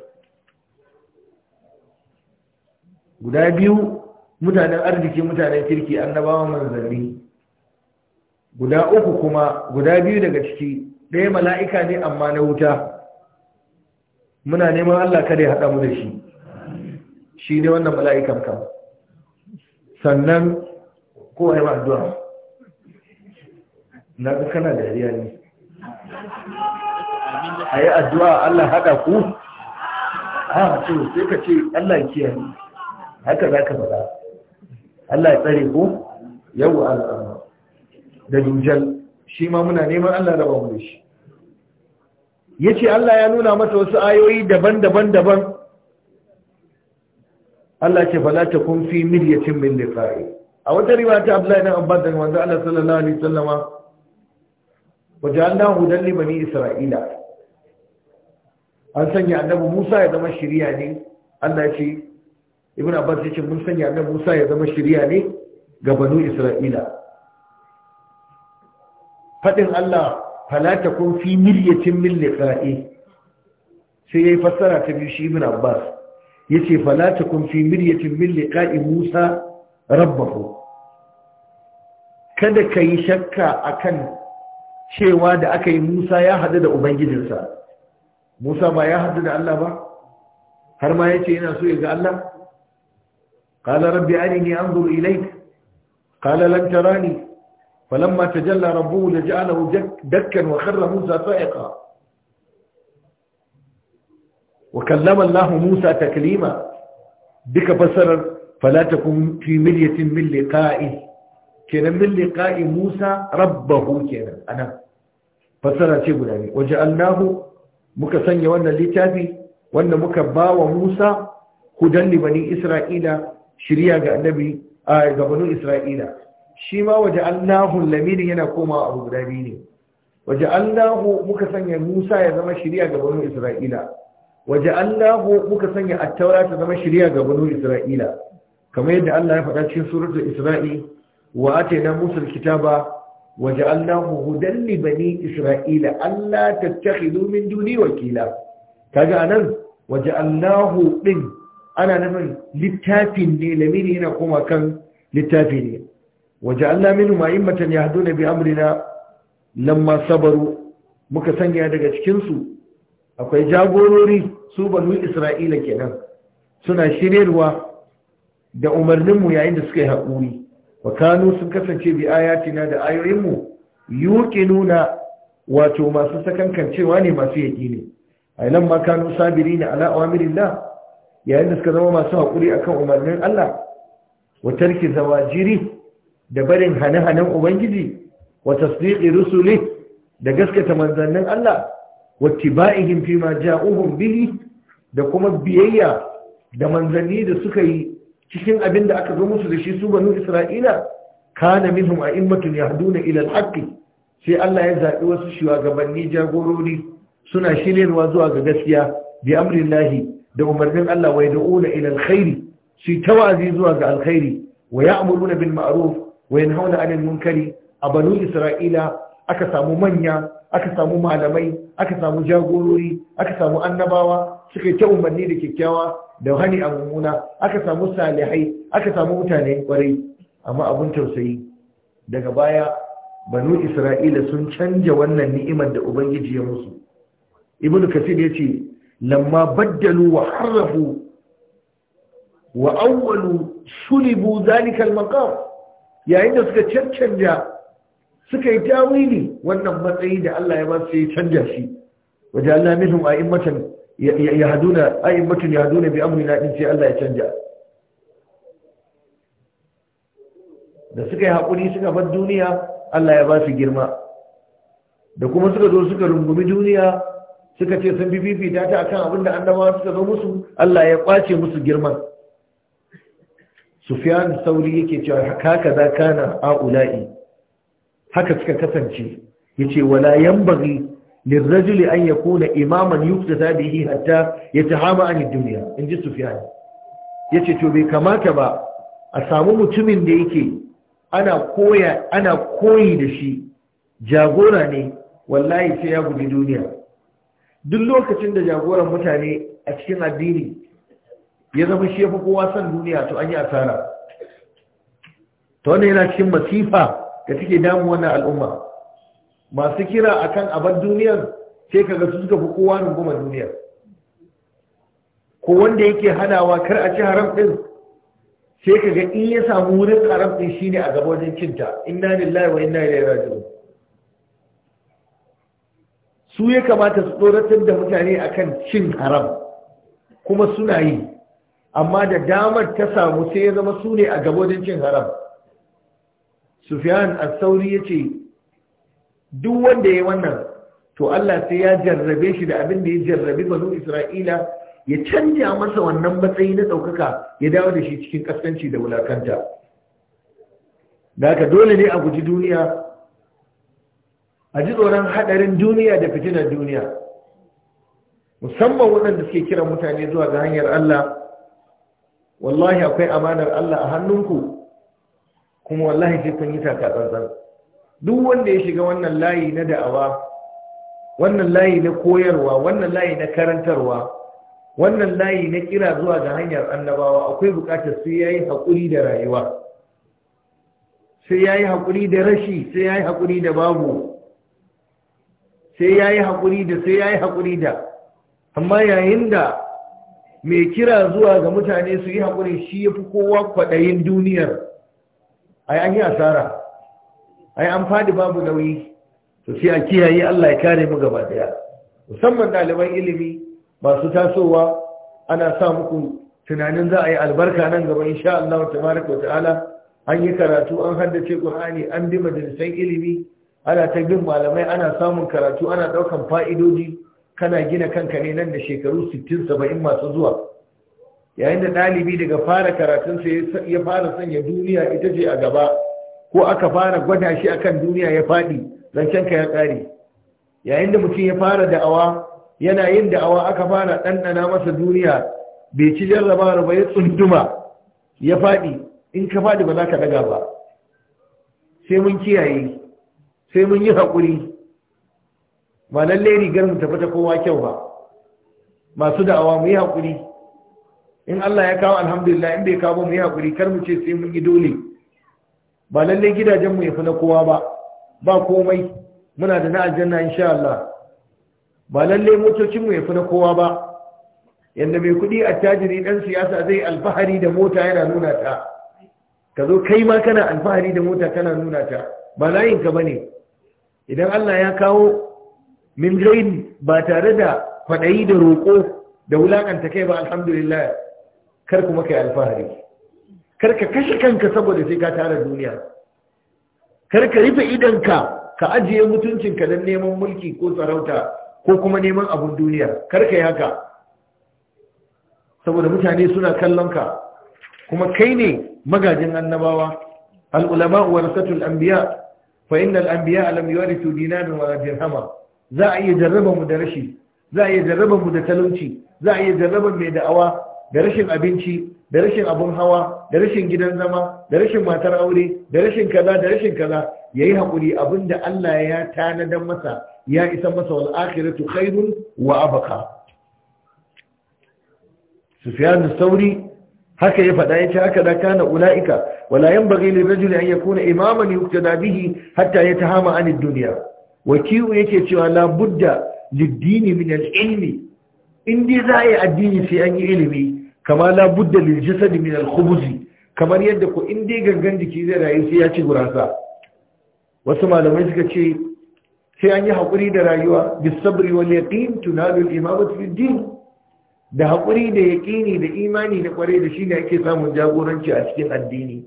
guda biyu mutanen arziki mutanen kirki annabawan manzanni guda uku kuma guda biyu daga ciki ɗaya mala'ika ne amma na wuta muna neman allah kada ya haɗa mu da shi shi ne wannan mala'ikan kan sannan kowa ya ba addu'a na ga kana dariya ne a yi addu'a Allah haɗa ku a ah, ce sai ka ce Allah kiyaye haka za ka faɗa Allah ya tsare ku yau al'amma da dujal shi ma muna neman Allah raba mu da shi ya ce Allah ya nuna masa wasu ayoyi daban-daban daban Allah ce fala ta kun fi milyatin min liqa'i a wata riba ta Abdullahi ibn Abbas daga wanzu Allah sallallahu alaihi wasallama wajalna hudan li bani Isra'ila an sanya annabi Musa ya zama shiriya ne Allah ya ce ibn Abbas ya ce mun sanya annabi Musa ya zama shiriya ne ga banu Isra'ila fadin Allah fala takun fi miryatin min liqa'i sai yayi fassara ta biyu shi ibn Abbas yace fala takun fi miryatin min liqa'i Musa rabbahu kada ka yi shakka a kan cewa da aka yi Musa ya haɗu da Ubangijinsa Musa ba ya haɗu da Allah ba har ma ya ce yana so ya ga Allah قال ربي أرني أنظر إليك قال لن تراني فلما تجلى ربه لجعله دكا وخر موسى صائقا وكلم الله موسى تكليما duka fassarar fala takun fi milyatin min liqa'i kenan min liqa'i Musa rabbahu kenan anan fasara ce guda ne waje Allahu muka sanya wannan littafi wanda muka bawa Musa hudan libanin Isra'ila shirya ga annabi a gabanin Isra'ila shi ma waje Allahu Lamini yana komawa abu guda biyu ne waje Allahu muka sanya Musa ya zama shirya gabanin Isra'ila waje Allahu muka sanya attaura ta zama shirya ga gabanin Isra'ila kamar yadda Allah ya faɗa cikin da Isra'i wa atayna Musa al-kitaba waje ja'alnahu hudan bani Isra'ila alla tattakhidhu domin duni wakila kaga anan waje allahu din ana nufin littafin ne lamini yana koma kan littafi ne Waje ja'alna minhum a'immatan yahduna bi amrina lamma sabaru muka sanya daga cikinsu, akwai jagorori su banu Isra'ila kenan suna shiryarwa da umarninmu yayin da suka yi haƙuri wa kano sun kasance bi ayatina da ayoyinmu yuƙi nuna wato masu sakankancewa ne masu yaƙi ne a nan ma kano sabiri ne ala yayin da suka zama masu haƙuri kan umarnin Allah wa tarki jiri da barin hane-hanen ubangiji wa tasdiƙi rusuli da gaskata manzannin Allah wa tiba'ihim fi ma ja'uhum bihi da kuma biyayya da manzanni da suka yi cikin abin da aka zo musu da shi su banu isra'ila kana minhum a'immatun yahduna ila al-haqq sai Allah ya zabi wasu shugabanni jagorori suna shiryarwa zuwa ga gaskiya bi amrillahi da umarnin Allah wa yad'una ila al-khair su tawazi zuwa ga alkhairi wa ya'muruna bil ma'ruf wa yanhauna 'anil munkari a banu isra'ila aka samu manya aka samu malamai aka samu jagorori aka samu annabawa suka yi ta umarni da kyakkyawa da hani a mummuna aka samu salihai aka samu mutane kwarai amma abun tausayi daga baya banu isra'ila sun canja wannan ni'imar da ubangiji ya musu ibnu kasir ya ce lamma baddalu wa harrafu wa awwalu sulibu zalika al-maqam yayin da suka cancanja suka yi tawili wannan matsayi da Allah ya ba su ya canja shi wajen Allah minhum a'immatan ya haduna ayin mutum ya haduna bi amurina sai Allah ya canja da suka yi hakuri suka bar duniya Allah ya ba su girma da kuma suka zo suka rungumi duniya suka ce sun bibibi ta ta akan abin da annabawa suka zo musu Allah ya ƙwace musu girma. Sufyan Sauri yake cewa haka za kana a'ula'i haka suka kasance yace wala yanbaghi lirrajuli an yakuna imaman yuqtada bihi hatta yatahama an dunya inji ya ce to bai kamata ba a samu mutumin da yake ana koya koyi da shi jagora ne wallahi sai ya guji duniya duk lokacin da jagoran mutane a cikin addini ya zama shi yafi kowa san duniya to an yi asara to wannan yana cikin masifa da take damu wannan al'umma masu kira a kan abar duniyar sai kaga su suka fi kowa rungumar duniyar ko wanda yake hanawa kar a ci haram din sai kaga in ya samu wurin haram din shine a gaba wajen cinta inna lillahi wa inna ilaihi raji'un su ya kamata su tsoratar da mutane akan cin haram kuma suna yi amma da damar ta samu sai ya zama su ne a gaba wajen cin haram sufyan as-sauri yace duk wanda ya wannan to Allah sai ya jarrabe shi da abin da ya jarrabe banu Isra'ila ya canja masa wannan matsayi na ɗaukaka ya dawo da shi cikin kaskanci da wulakanta da haka dole ne a guji duniya a ji tsoron haɗarin duniya da fitinar duniya musamman waɗanda suke kira mutane zuwa ga hanyar Allah wallahi akwai amanar Allah a hannunku kuma wallahi sai kun yi taka tsantsan duk wanda ya shiga wannan layi na da'awa wannan layi na koyarwa wannan layi na karantarwa wannan layi na kira zuwa ga hanyar annabawa akwai bukatar sai yayi hakuri da rayuwa sai yayi hakuri da rashi sai yayi hakuri da babu sai yayi hakuri da sai yayi hakuri da amma yayin da mai kira zuwa ga mutane su yi hakuri shi yafi kowa kwaɗayin duniyar ai an asara ai an fadi babu nauyi to sai a kiyaye Allah ya kare mu gaba daya musamman ɗaliban ilimi masu tasowa ana sa muku tunanin za a yi albarka nan gaba insha Allah tabaraka ta'ala an yi karatu an haddace Qur'ani an bi majalisan ilimi ana ta bin malamai ana samun karatu ana daukan fa'idodi. kana gina kanka ne nan da shekaru 60 70 masu zuwa yayin da ɗalibi daga fara karatunsa ya fara sanya duniya ita ce a gaba ko aka fara gwada shi a kan duniya ya faɗi ka ya ƙare yayin da mutum ya fara da'awa yana yin da'awa aka fara ɗanɗana masa duniya bai ci jarraba ba ya tsunduma ya faɗi in ka faɗi ba za ka daga ba sai mun kiyaye sai mun yi haƙuri ba lallai rigar mu tafi ta kowa kyau ba masu da'awa mu yi haƙuri in Allah ya kawo alhamdulillah in bai kawo mu yi haƙuri kar mu ce sai mun yi dole ba lallai gidajenmu ya fi na kowa ba ba komai muna da na aljanna insha Allah ba lallai motocinmu ya fi na kowa ba yadda mai kuɗi attajiri ɗan siyasa zai alfahari da mota yana nuna ta ka zo kai ma kana alfahari da mota kana nuna ta ba layinka ba ne idan Allah ya kawo min gaini ba tare da kwaɗayi da roƙo da wulaƙanta kai ba alhamdulillah kar kuma kai alfahari kar ka kashe kanka saboda sai ka tara duniya kar ka rufe idanka ka ajiye mutuncinka don neman mulki ko sarauta ko kuma neman abun duniya kar ka yi haka saboda mutane suna kallon ka kuma kai ne magajin annabawa al'ulama warasatul anbiya fa innal anbiya lam yurithu dinaran wala dirhama za a iya jarraba mu da rashi za a iya jarraba mu da talauci za a iya jarraba mai da'awa da rashin abinci da rashin abun hawa da rashin gidan zama da rashin matar aure da rashin kaza da rashin kaza ya yayi hakuri abinda Allah ya tanadan masa ya isa masa wal akhiratu khairun wa abqa Sufyan sauri haka ya faɗa ya yace haka da kana ulaika wala yanbaghi lirajuli an yakuna imaman yuktada bihi hatta yatahama anid dunya wakiu yake cewa la budda lid-dini min al-ilmi in dai za a yi addini sai an yi ilimi kama la budda lil jasad min al khubuz kamar yadda ko in gangan jiki zai rayu sai ya ci gurasa wasu malamai suka ce sai an yi hakuri da rayuwa bis sabri wal yaqin tunalu al imamati fid din da hakuri da yaƙini da imani da kware da shi ne ake samun jagoranci a cikin addini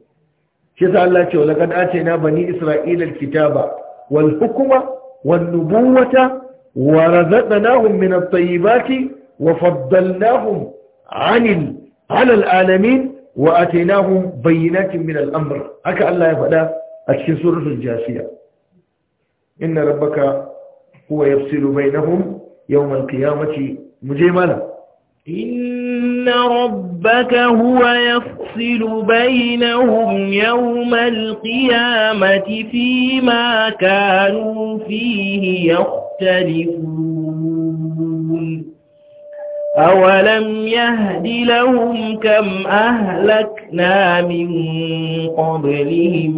shi sa Allah ce walaƙad ace na bani isra'ila kitaba wal hukuma wan nubuwata wa razaqnahum min at-tayyibati wa faddalnahum عن على العالمين واتيناهم بينات من الامر هكا الله يفعل في سوره الجاسية ان ربك هو يفصل بينهم يوم القيامه مجيمالا إن ربك هو يفصل بينهم يوم القيامة فيما كانوا فيه يختلفون أولم يهد لهم كم أهلكنا من قبلهم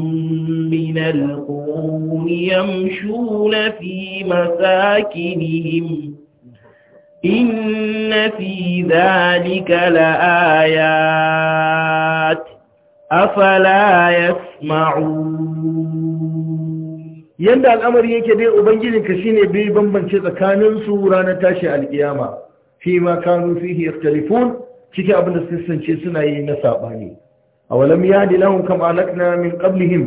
من القرون يمشون في مساكنهم إن في ذلك لآيات أفلا يسمعون يندى الأمر يكبير أبنجل كسين بي بمبنشي تكانن سورانة تاشي القيامة fi ma kanu fihi yakhtalifun ciki abin da sun suna yi na sabani awalam yahdi lahum kama alakna min qablihim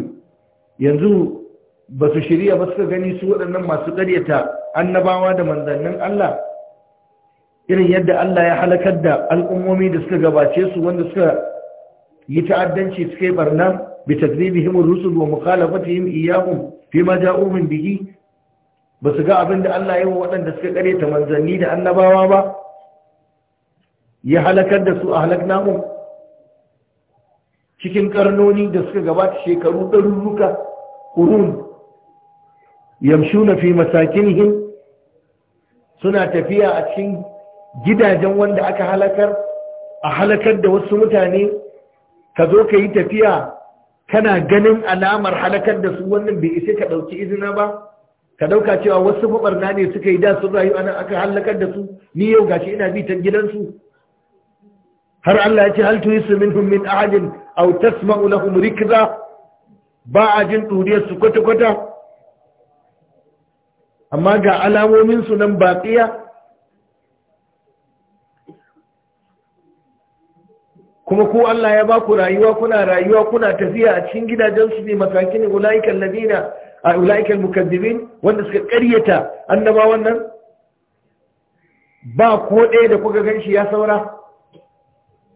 yanzu ba su shirya ba suka gani su waɗannan masu karyata annabawa da manzannin Allah irin yadda Allah ya halakar da al'ummomi da suka gabace su wanda suka yi ta'addanci suka yi barna bi takzibihim rusul wa mukhalafatihim iyyahum fi ma ja'uhum bihi ba su ga abin da Allah ya yi wa waɗanda suka ƙaryata manzanni da annabawa ba ya halakar da su a halakna mu cikin karnoni da suka gabata shekaru ɗarurruka yamshu na fi masakinihim suna tafiya a cikin gidajen wanda aka halakar a halakar da wasu mutane ka zo ka yi tafiya kana ganin alamar halakar da su wannan bai isa ka ɗauki izina ba ka ɗauka cewa wasu maɓarna ne suka yi da sun rayu ana aka halakar da su ni yau gashi ina bi ta gidansu har Allah ya ce hal tuhisu minhum min ahadin aw tasma'u lahum rikza ba a jin duriyar su kwata kwata amma ga alamomin su nan baqiya kuma ko Allah ya ba ku rayuwa kuna rayuwa kuna tafiya a cikin gidajen su ne masakin ulaiikal ladina a ulaiikal mukaddibin wanda suka ƙaryata annaba wannan ba ko ɗaya da kuka ganshi ya saura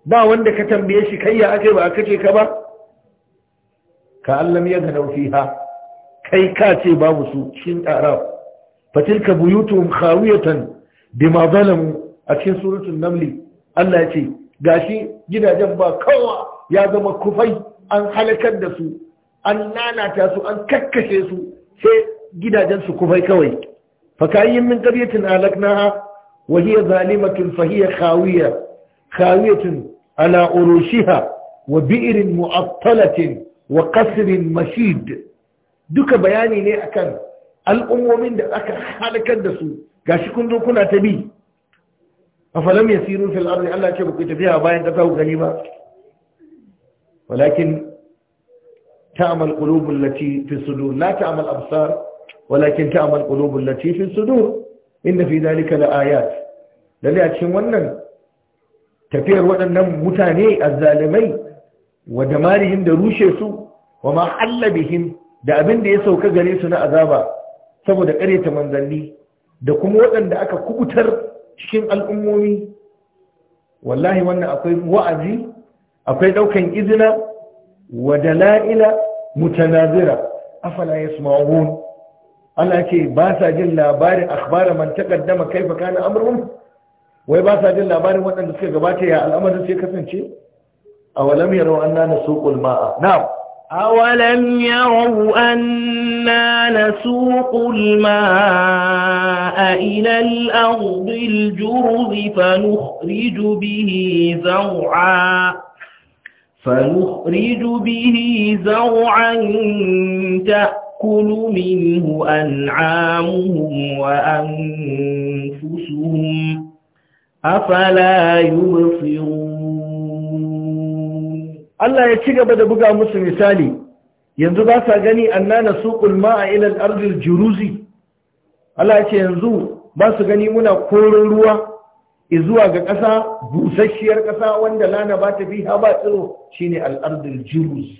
ba wanda ka tambaye shi kai ya ake ba aka ka ba ka allam ya gano fiha kai ka ce babu su shin arab fatilka buyutum khawiyatan bima zalamu a cikin suratul namli Allah ya ce gashi gidajen ba kowa ya zama kufai an halakar da su an lalata su an kakkashe su sai gidajen su kufai kawai fakayin min qaryatin alaknaha wa hiya zalimatun fa hiya khawiya khawiyatin على أروشها وبئر wa وقصر مشيد duka bayani ne akan al'ummomin da aka halakar da su gashi kun zo kuna ta bi a falam ya siru fil ardi Allah ce ba ku tafiya bayan kasa ku gani ba walakin ta'mal qulubul lati fi sudur la ta'mal absar walakin ta'mal qulubul lati fi a cikin wannan tafiyar waɗannan mutane azzalimai wa damarihim da rushe su wa ma da abin da ya sauka gare su na azaba saboda ƙareta manzanni da kuma waɗanda aka kubutar cikin al'ummomi wallahi wannan akwai wa'azi akwai ɗaukan izina wa dala'ila mutanazira afala yasma'un Allah ce ba sa jin labarin akhbara man taqaddama kaifa kana amrun wai ba sa jin labarin waɗanda suka gabata ya al'amarin sai kasance a walam an anna nasuqul ma'a na'am awalam yarau anna nasuqul ma'a ila al-ardh al-jurz fanukhrij bihi zaw'a فنخرج به زرعا تأكل منه أنعامهم وأنفسهم afala yubsirun Allah ya ci gaba da buga musu misali yanzu ba sa gani annana suqul ma'a a al-ardil juruzi Allah ce yanzu ba su gani muna korin ruwa zuwa ga ƙasa busasshiyar ƙasa wanda lana ba ta biya ba tsiro shine al'adar ardil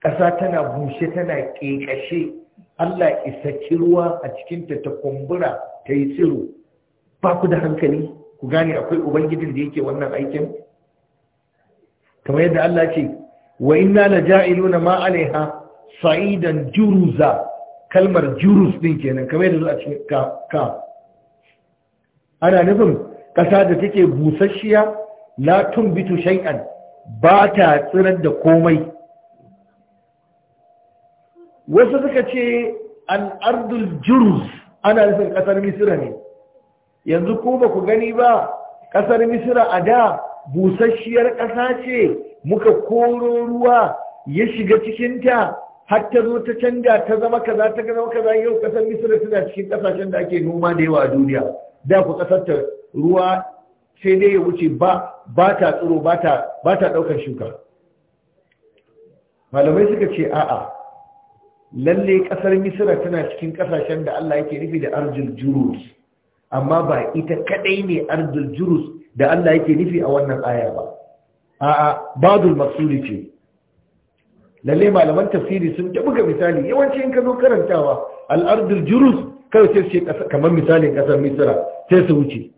ƙasa tana bushe tana ƙeƙashe Allah isa ruwa a cikinta ta kumbura ta yi tsiro ba ku da hankali ku gane akwai ubangijin da yake wannan aikin kamar yadda Allah ce wa inna la ja'iluna ma alaiha sa'idan juruza kalmar jurus din kenan kamar yadda zuwa cikin ka ka ana nufin kasa da take busasshiya la tumbitu shay'an ba ta tsirar da komai wasu suka ce al ardul jurus ana nufin kasar misira ne yanzu ku ba ku gani ba ƙasar misira a da busasshiyar ƙasa ce muka koro ruwa ya shiga cikinta har ta zo ta canja ta zama kaza ta zama kaza yau ƙasar misira tana cikin ƙasashen da ake noma da yawa a duniya da ku ƙasar ta ruwa sai dai ya wuce ba ba ta tsiro ba ta ɗaukar shuka malamai suka ce a'a lalle ƙasar misira tana cikin ƙasashen da allah yake nufi da arjul jurus amma ba ita kadai ne ardul jurus da Allah yake nufi a wannan aya ba a'a badul maksuli ce lalle malaman tafsiri sun ta buga misali yawanci in ka zo karantawa al-ardul jurus kawai sai ce kamar misalin kasar misra sai su wuce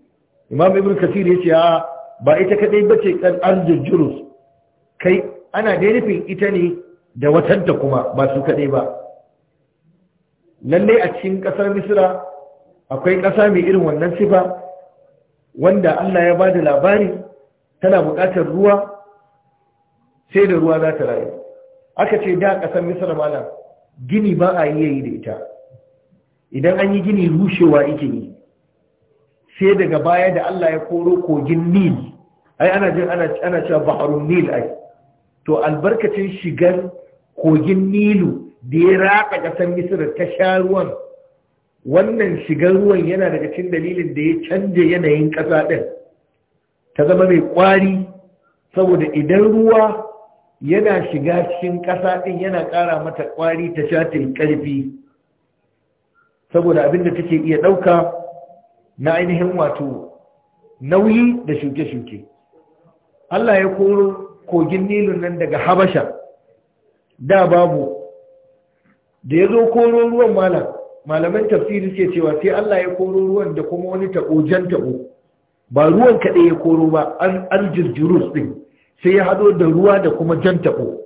imam ibnu kasir yace a ba ita kadai bace kan ardul jurus kai ana da nufin ita ne da watanta kuma ba su kadai ba lalle a cikin kasar misra akwai ƙasa mai irin wannan sifa wanda Allah ya ba da labari tana buƙatar ruwa sai da ruwa za ta rayu aka ce da ƙasar misar mana gini ba a yi da ita idan an yi gini rushewa ike yi sai daga baya da Allah ya koro kogin nil ai ana jin ana cewa baharun nil ai to albarkacin shigar kogin nilu da ya raka ƙasar misir ta sha ruwan wannan shigar ruwan yana daga cikin dalilin da ya canje yanayin ƙasa ɗin ta zama mai ƙwari saboda idan ruwa yana shiga cikin ƙasa ɗin yana ƙara mata ƙwari ta shatin ƙarfi saboda abin da take iya ɗauka na ainihin wato nauyi da shuke-shuke Allah ya koro kogin nilun nan daga habasha da babu da ya zo koro ruwan malam malaman tafsiri suke cewa sai Allah ya koro ruwan da kuma wani tabo jan tabo ba ruwan kaɗai ya koro ba an aljirjirus ɗin sai ya hado da ruwa da kuma jan tabo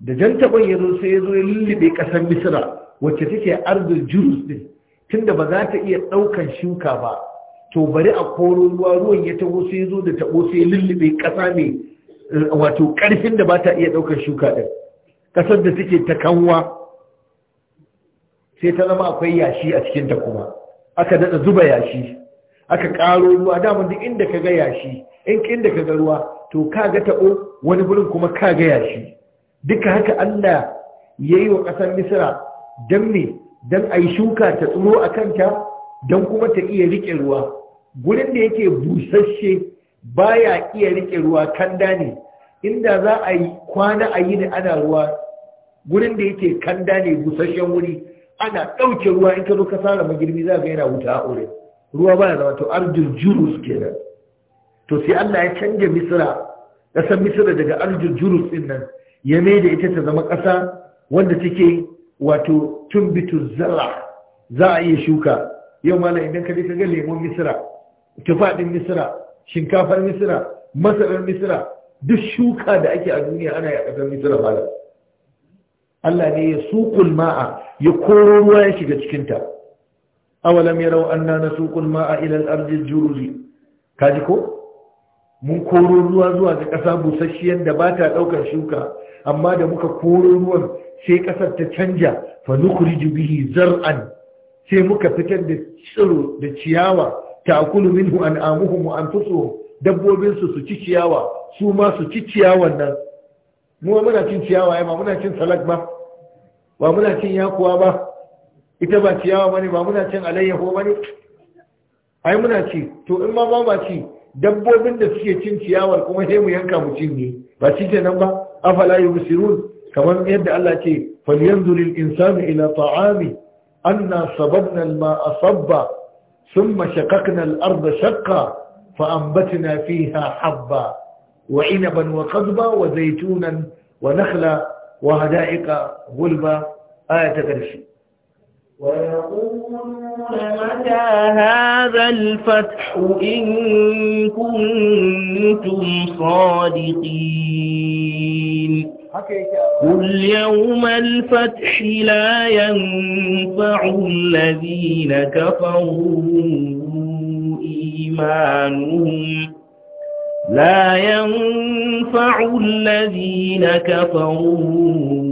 da jan taɓon ya zo sai ya zo ya lullube ƙasar misira wacce take aljirjirus ɗin tunda ba za ta iya ɗaukan shuka ba to bari a koro ruwa ruwan ya taho sai ya zo da tabo sai ya lullube ƙasa mai eh, wato ƙarfin da ba ta iya ɗaukar shuka ɗin ƙasar da take ta kanwa sai ta zama akwai yashi a cikinta kuma aka daɗa zuba yashi aka ƙaro ruwa dama duk inda ka ga yashi in inda ka ga ruwa to ka ga taɓo wani gurin kuma ka ga yashi duka haka Allah ya yi wa ƙasar Misira don me don a yi shuka ta tsuro a kanta don kuma ta iya riƙe ruwa gurin da yake busasshe baya iya riƙe ruwa kanda ne inda za a yi kwana a yi da ana ruwa gurin da yake kanda ne busasshen wuri ana ɗauke ruwa in ka zo ka sara magirbi za ka yana wuta a ure ruwa ba zama to arjul jurus kenan to sai Allah ya canja misra ƙasar misra daga arjul jurus din nan ya mai da ita ta zama ƙasa wanda take wato tumbitu zara za a iya shuka yau mala idan ka je ka ga lemon misra tufaɗin misra shinkafar misra masarar misra duk shuka da ake a duniya ana yi a ƙasar misra malam Allah ne ya suƙul ma'a ya koro ruwa ya shiga cikin ta awalam ya rau an na suƙul ma’a ilal al-juruzi kaji ko mun koro ruwa zuwa ga ƙasa busasshiyar da ba ta ɗaukar shuka amma da muka koro ruwan sai ƙasar ta canja fa nukhriju bihi zar'an sai muka fitar da tsiro da ciyawa akulu minhu amuhu mu an fuso su su ci ciyawa su ma su ci ciyawan nan mu muna cin ciyawa ba muna cin salak ba ba muna cin yakuwa ba ita ba ciyawa bane ba muna cin alayyaho bane ai muna ci to in ma ba ma ci dabbobin da suke cin ciyawar kuma sai mu yanka mu cinye ba ci kenan ba afala yubsirun kamar yadda Allah ce falyanzur al-insanu ila ta'ami anna sababna al-ma'a sabba thumma shaqaqna al-ardha shaqqa fa anbatna fiha habba وعنبا وقضبا وزيتونا ونخلا وهدائق غلبا آية ترشي ويقولون متى هذا الفتح إن كنتم صادقين قل يوم الفتح لا ينفع الذين كفروا إيمانهم لا ينفع الذين كفروا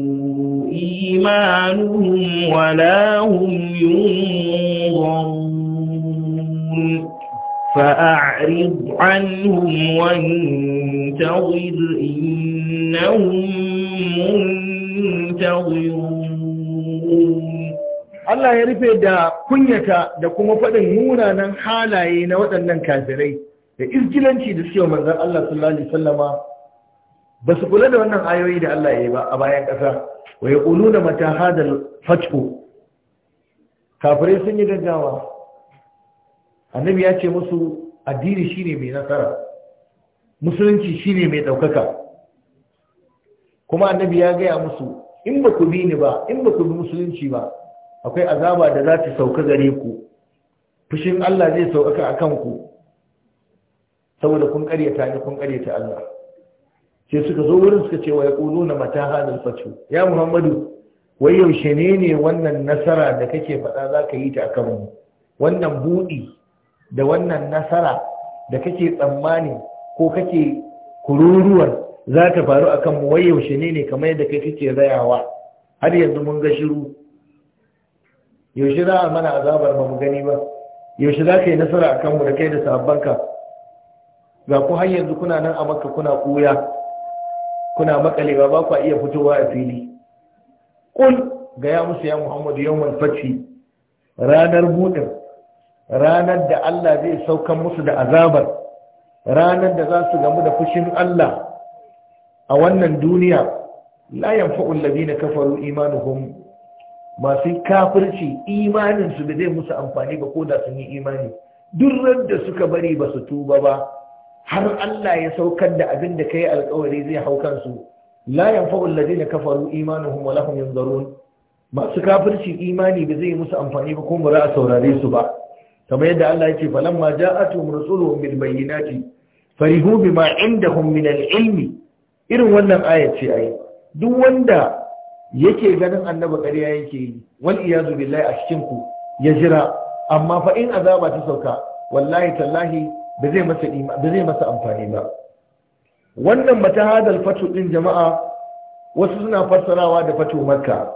إيمانهم ولا هم ينظرون فأعرض عنهم وانتظر إنهم منتظرون Allah ya rufe da kunyata da kuma faɗin munanan halaye na waɗannan kafirai. da izgilanci da suke manzan Allah sallallahu alaihi sallama, ba su kula da wannan ayoyi da Allah ya yi ba a bayan ƙasa wa da mata hadar fathu kafirai sun yi gaggawa annabi ya ce musu addini shine mai nasara musulunci shine mai ɗaukaka kuma annabi ya gaya musu in ba ku bi ni ba in ba ku bi musulunci ba akwai azaba da za ta sauka gare ku fushin Allah zai sauka a ku. saboda kun karyata ni kun karyata Allah sai suka zo wurin suka ce wa na mata halin fatu ya muhammadu wai yaushe ne ne wannan nasara da kake faɗa za ka yi ta akan mu wannan buɗi da wannan nasara da kake tsammani ko kake kururuwar za ta faru akan mu wai yaushe ne ne kamar yadda kai kake rayawa har yanzu mun ga shiru yaushe za a mana azabar ba mu gani ba yaushe za ka yi nasara akan mu da kai da sabbanka ga ku har yanzu kuna nan a makka kuna kuya kuna makalewa ba ku iya fitowa a fili kul ga ya musu ya muhammadu yawmal fathi ranar buɗin ranar da Allah zai saukan musu da azabar ranar da za su gamu da fushin Allah a wannan duniya la yanfa'ul ladina kafaru imanuhum masu kafirci imaninsu da zai musu amfani ba ko da sun yi imani duk da suka bari ba su tuba ba har Allah ya saukar da abin da kai alƙawari zai hau kansu la yanfa'u alladhina kafaru imanuhum wa lahum yanzurun masu kafirci imani ba zai musu amfani ba kuma ba a saurare su ba kamar yadda Allah yake falamma ja'atuhum rusuluhum bil bayyinati farihu bima indahum min al ilmi irin wannan aya ce ai duk wanda yake ganin annabi ƙarya yake yi wal iyazu billahi a cikin ku ya jira amma fa in azaba ta sauka wallahi tallahi ba zai masa amfani ba wannan mata hadal fatu din jama'a wasu suna fassarawa da fatu makka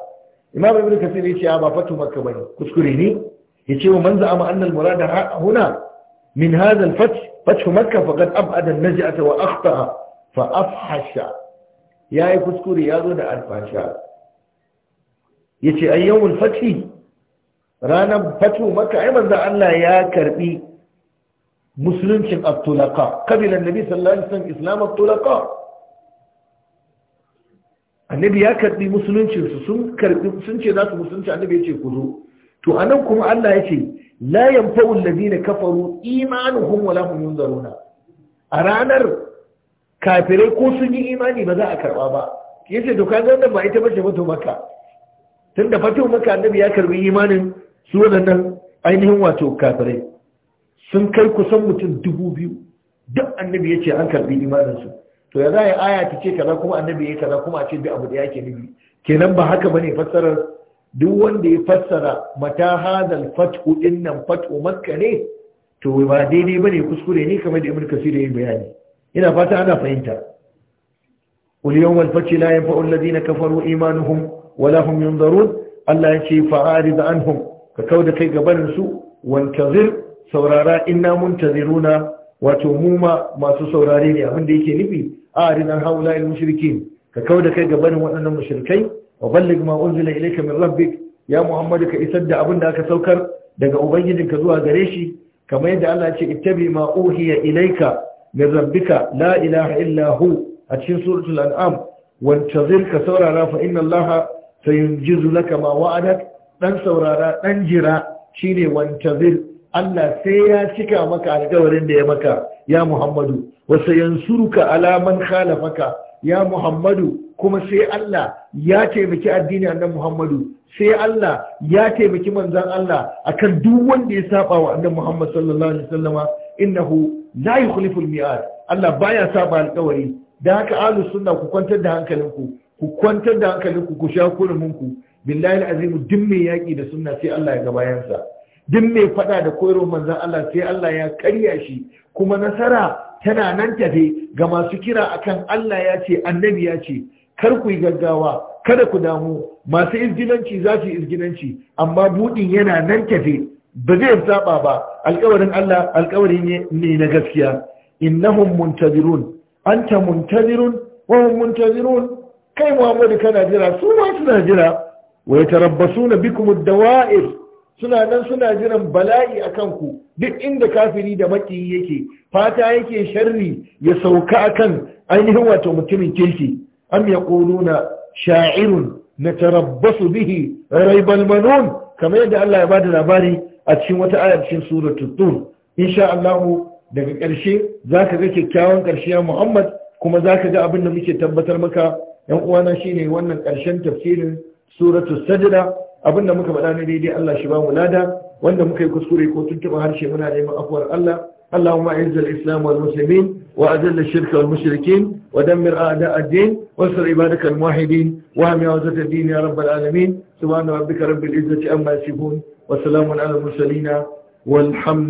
imam ibnu kasir yace ba fatu makka bane kuskure ne yace wa man za'ama anna al-murad huna min hadha al-fath fathu makka faqad ab'ada an-naj'ata wa akhta'a fa afhasha yayi kuskure yazo da alfasha yace ayyamul fathi ranar fatu makka ai manzo Allah ya karbi musuluncin at kabilan nabi sallallahu alaihi wasallam islam at annabi ya karbi musuluncin su sun karbi sun ce za su musulunci annabi yace ce ku zo to anan kuma Allah ya ce la yanfa'u alladhina kafaru imanuhum wala hum yunzaruna a ranar kafirai ko sun yi imani ba za a karba ba yace to kaga wannan ba ita bace ba to makka tunda fatu maka annabi ya karbi imanin su wadannan ainihin wato kafirai sun kai kusan mutum dubu biyu duk annabi ya ce an karbi imaninsu to ya za yi aya ta ce kaza kuma annabi ya kaza kuma a ce bi abu da yake nufi kenan ba haka bane fassarar duk wanda ya fassara mata hadal fathu din nan fathu makka ne to ba daidai bane kuskure ne kamar da ibnu kasir yayin bayani ina fata ana fahimta wal yawmal fathi la yanfa'u alladhina kafaru imanuhum wala hum yunzarun Allah ya ce fa'arid anhum ka kauda kai gabanin su wantazir saurara inna na wato mu ma masu saurare ne abin da yake nufi a arinan haula il shirki ka kauda kai ga barin waɗannan mushrikai wa ballig ma unzila ilayka min rabbik ya muhammadu ka isar da abin da aka saukar daga ubangijinka zuwa gare shi kamar yadda Allah ya ce ittabi ma uhiya ilayka min rabbika la ilaha illa hu a cikin suratul an'am wantazir ka saurara fa inna allaha sayunjizu laka ma wa'adak dan saurara dan jira shine wantazir Allah sai ya cika maka alƙawarin da ya maka ya Muhammadu wasu yansuruka alaman khalafaka ya Muhammadu kuma sai Allah ya taimaki addini annan Muhammadu sai Allah ya taimaki manzan Allah akan duk wanda ya saba wa annan Muhammad sallallahu alaihi wasallama innahu la yukhlifu al-mi'ad Allah baya saba alƙawari da haka ahlu sunna ku kwantar da hankalinku ku kwantar da hankalinku ku sha kurminku billahi al-azim duk mai da sunna sai Allah ya ga bayansa duk mai fada da koyarwar manzan Allah sai Allah ya karya shi kuma nasara tana nan tafe ga masu kira akan Allah ya ce annabi ya ce kar ku yi gaggawa kada ku damu masu izginanci za su yi izginanci amma budin yana nan tafe ba zai saba ba alkawarin Allah alkawari ne na gaskiya innahum muntazirun anta muntazirun wa hum muntazirun kai Muhammadu kana jira su ma suna jira wa yatarabbasuna bikum ad-dawa'ir suna nan suna jiran bala'i a kanku duk inda kafiri da makiyi yake fata yake sharri ya sauka akan ainihin wato mutumin kirki am na sha'irun Tarabbasu bihi raibal manun kamar yadda Allah ya bada labari a cikin wata ayar cikin suratul tur insha Allah daga ƙarshe zaka ga kyakkyawan ƙarshe Muhammad kuma zaka ga abin da muke tabbatar maka yan uwana shine wannan ƙarshen tafsirin suratul sajda abinda muka faɗa ne daidai Allah shi ba mu lada wanda muka yi kuskure ko tuntuɓa harshe muna neman afuwar Allah اللهم أعز الإسلام والمسلمين وأذل الشرك والمشركين ودمر أعداء الدين وانصر عبادك الموحدين وهم يعوزة الدين يا رب العالمين سبحان ربك رب العزة أما يصفون وسلام على المرسلين والحمد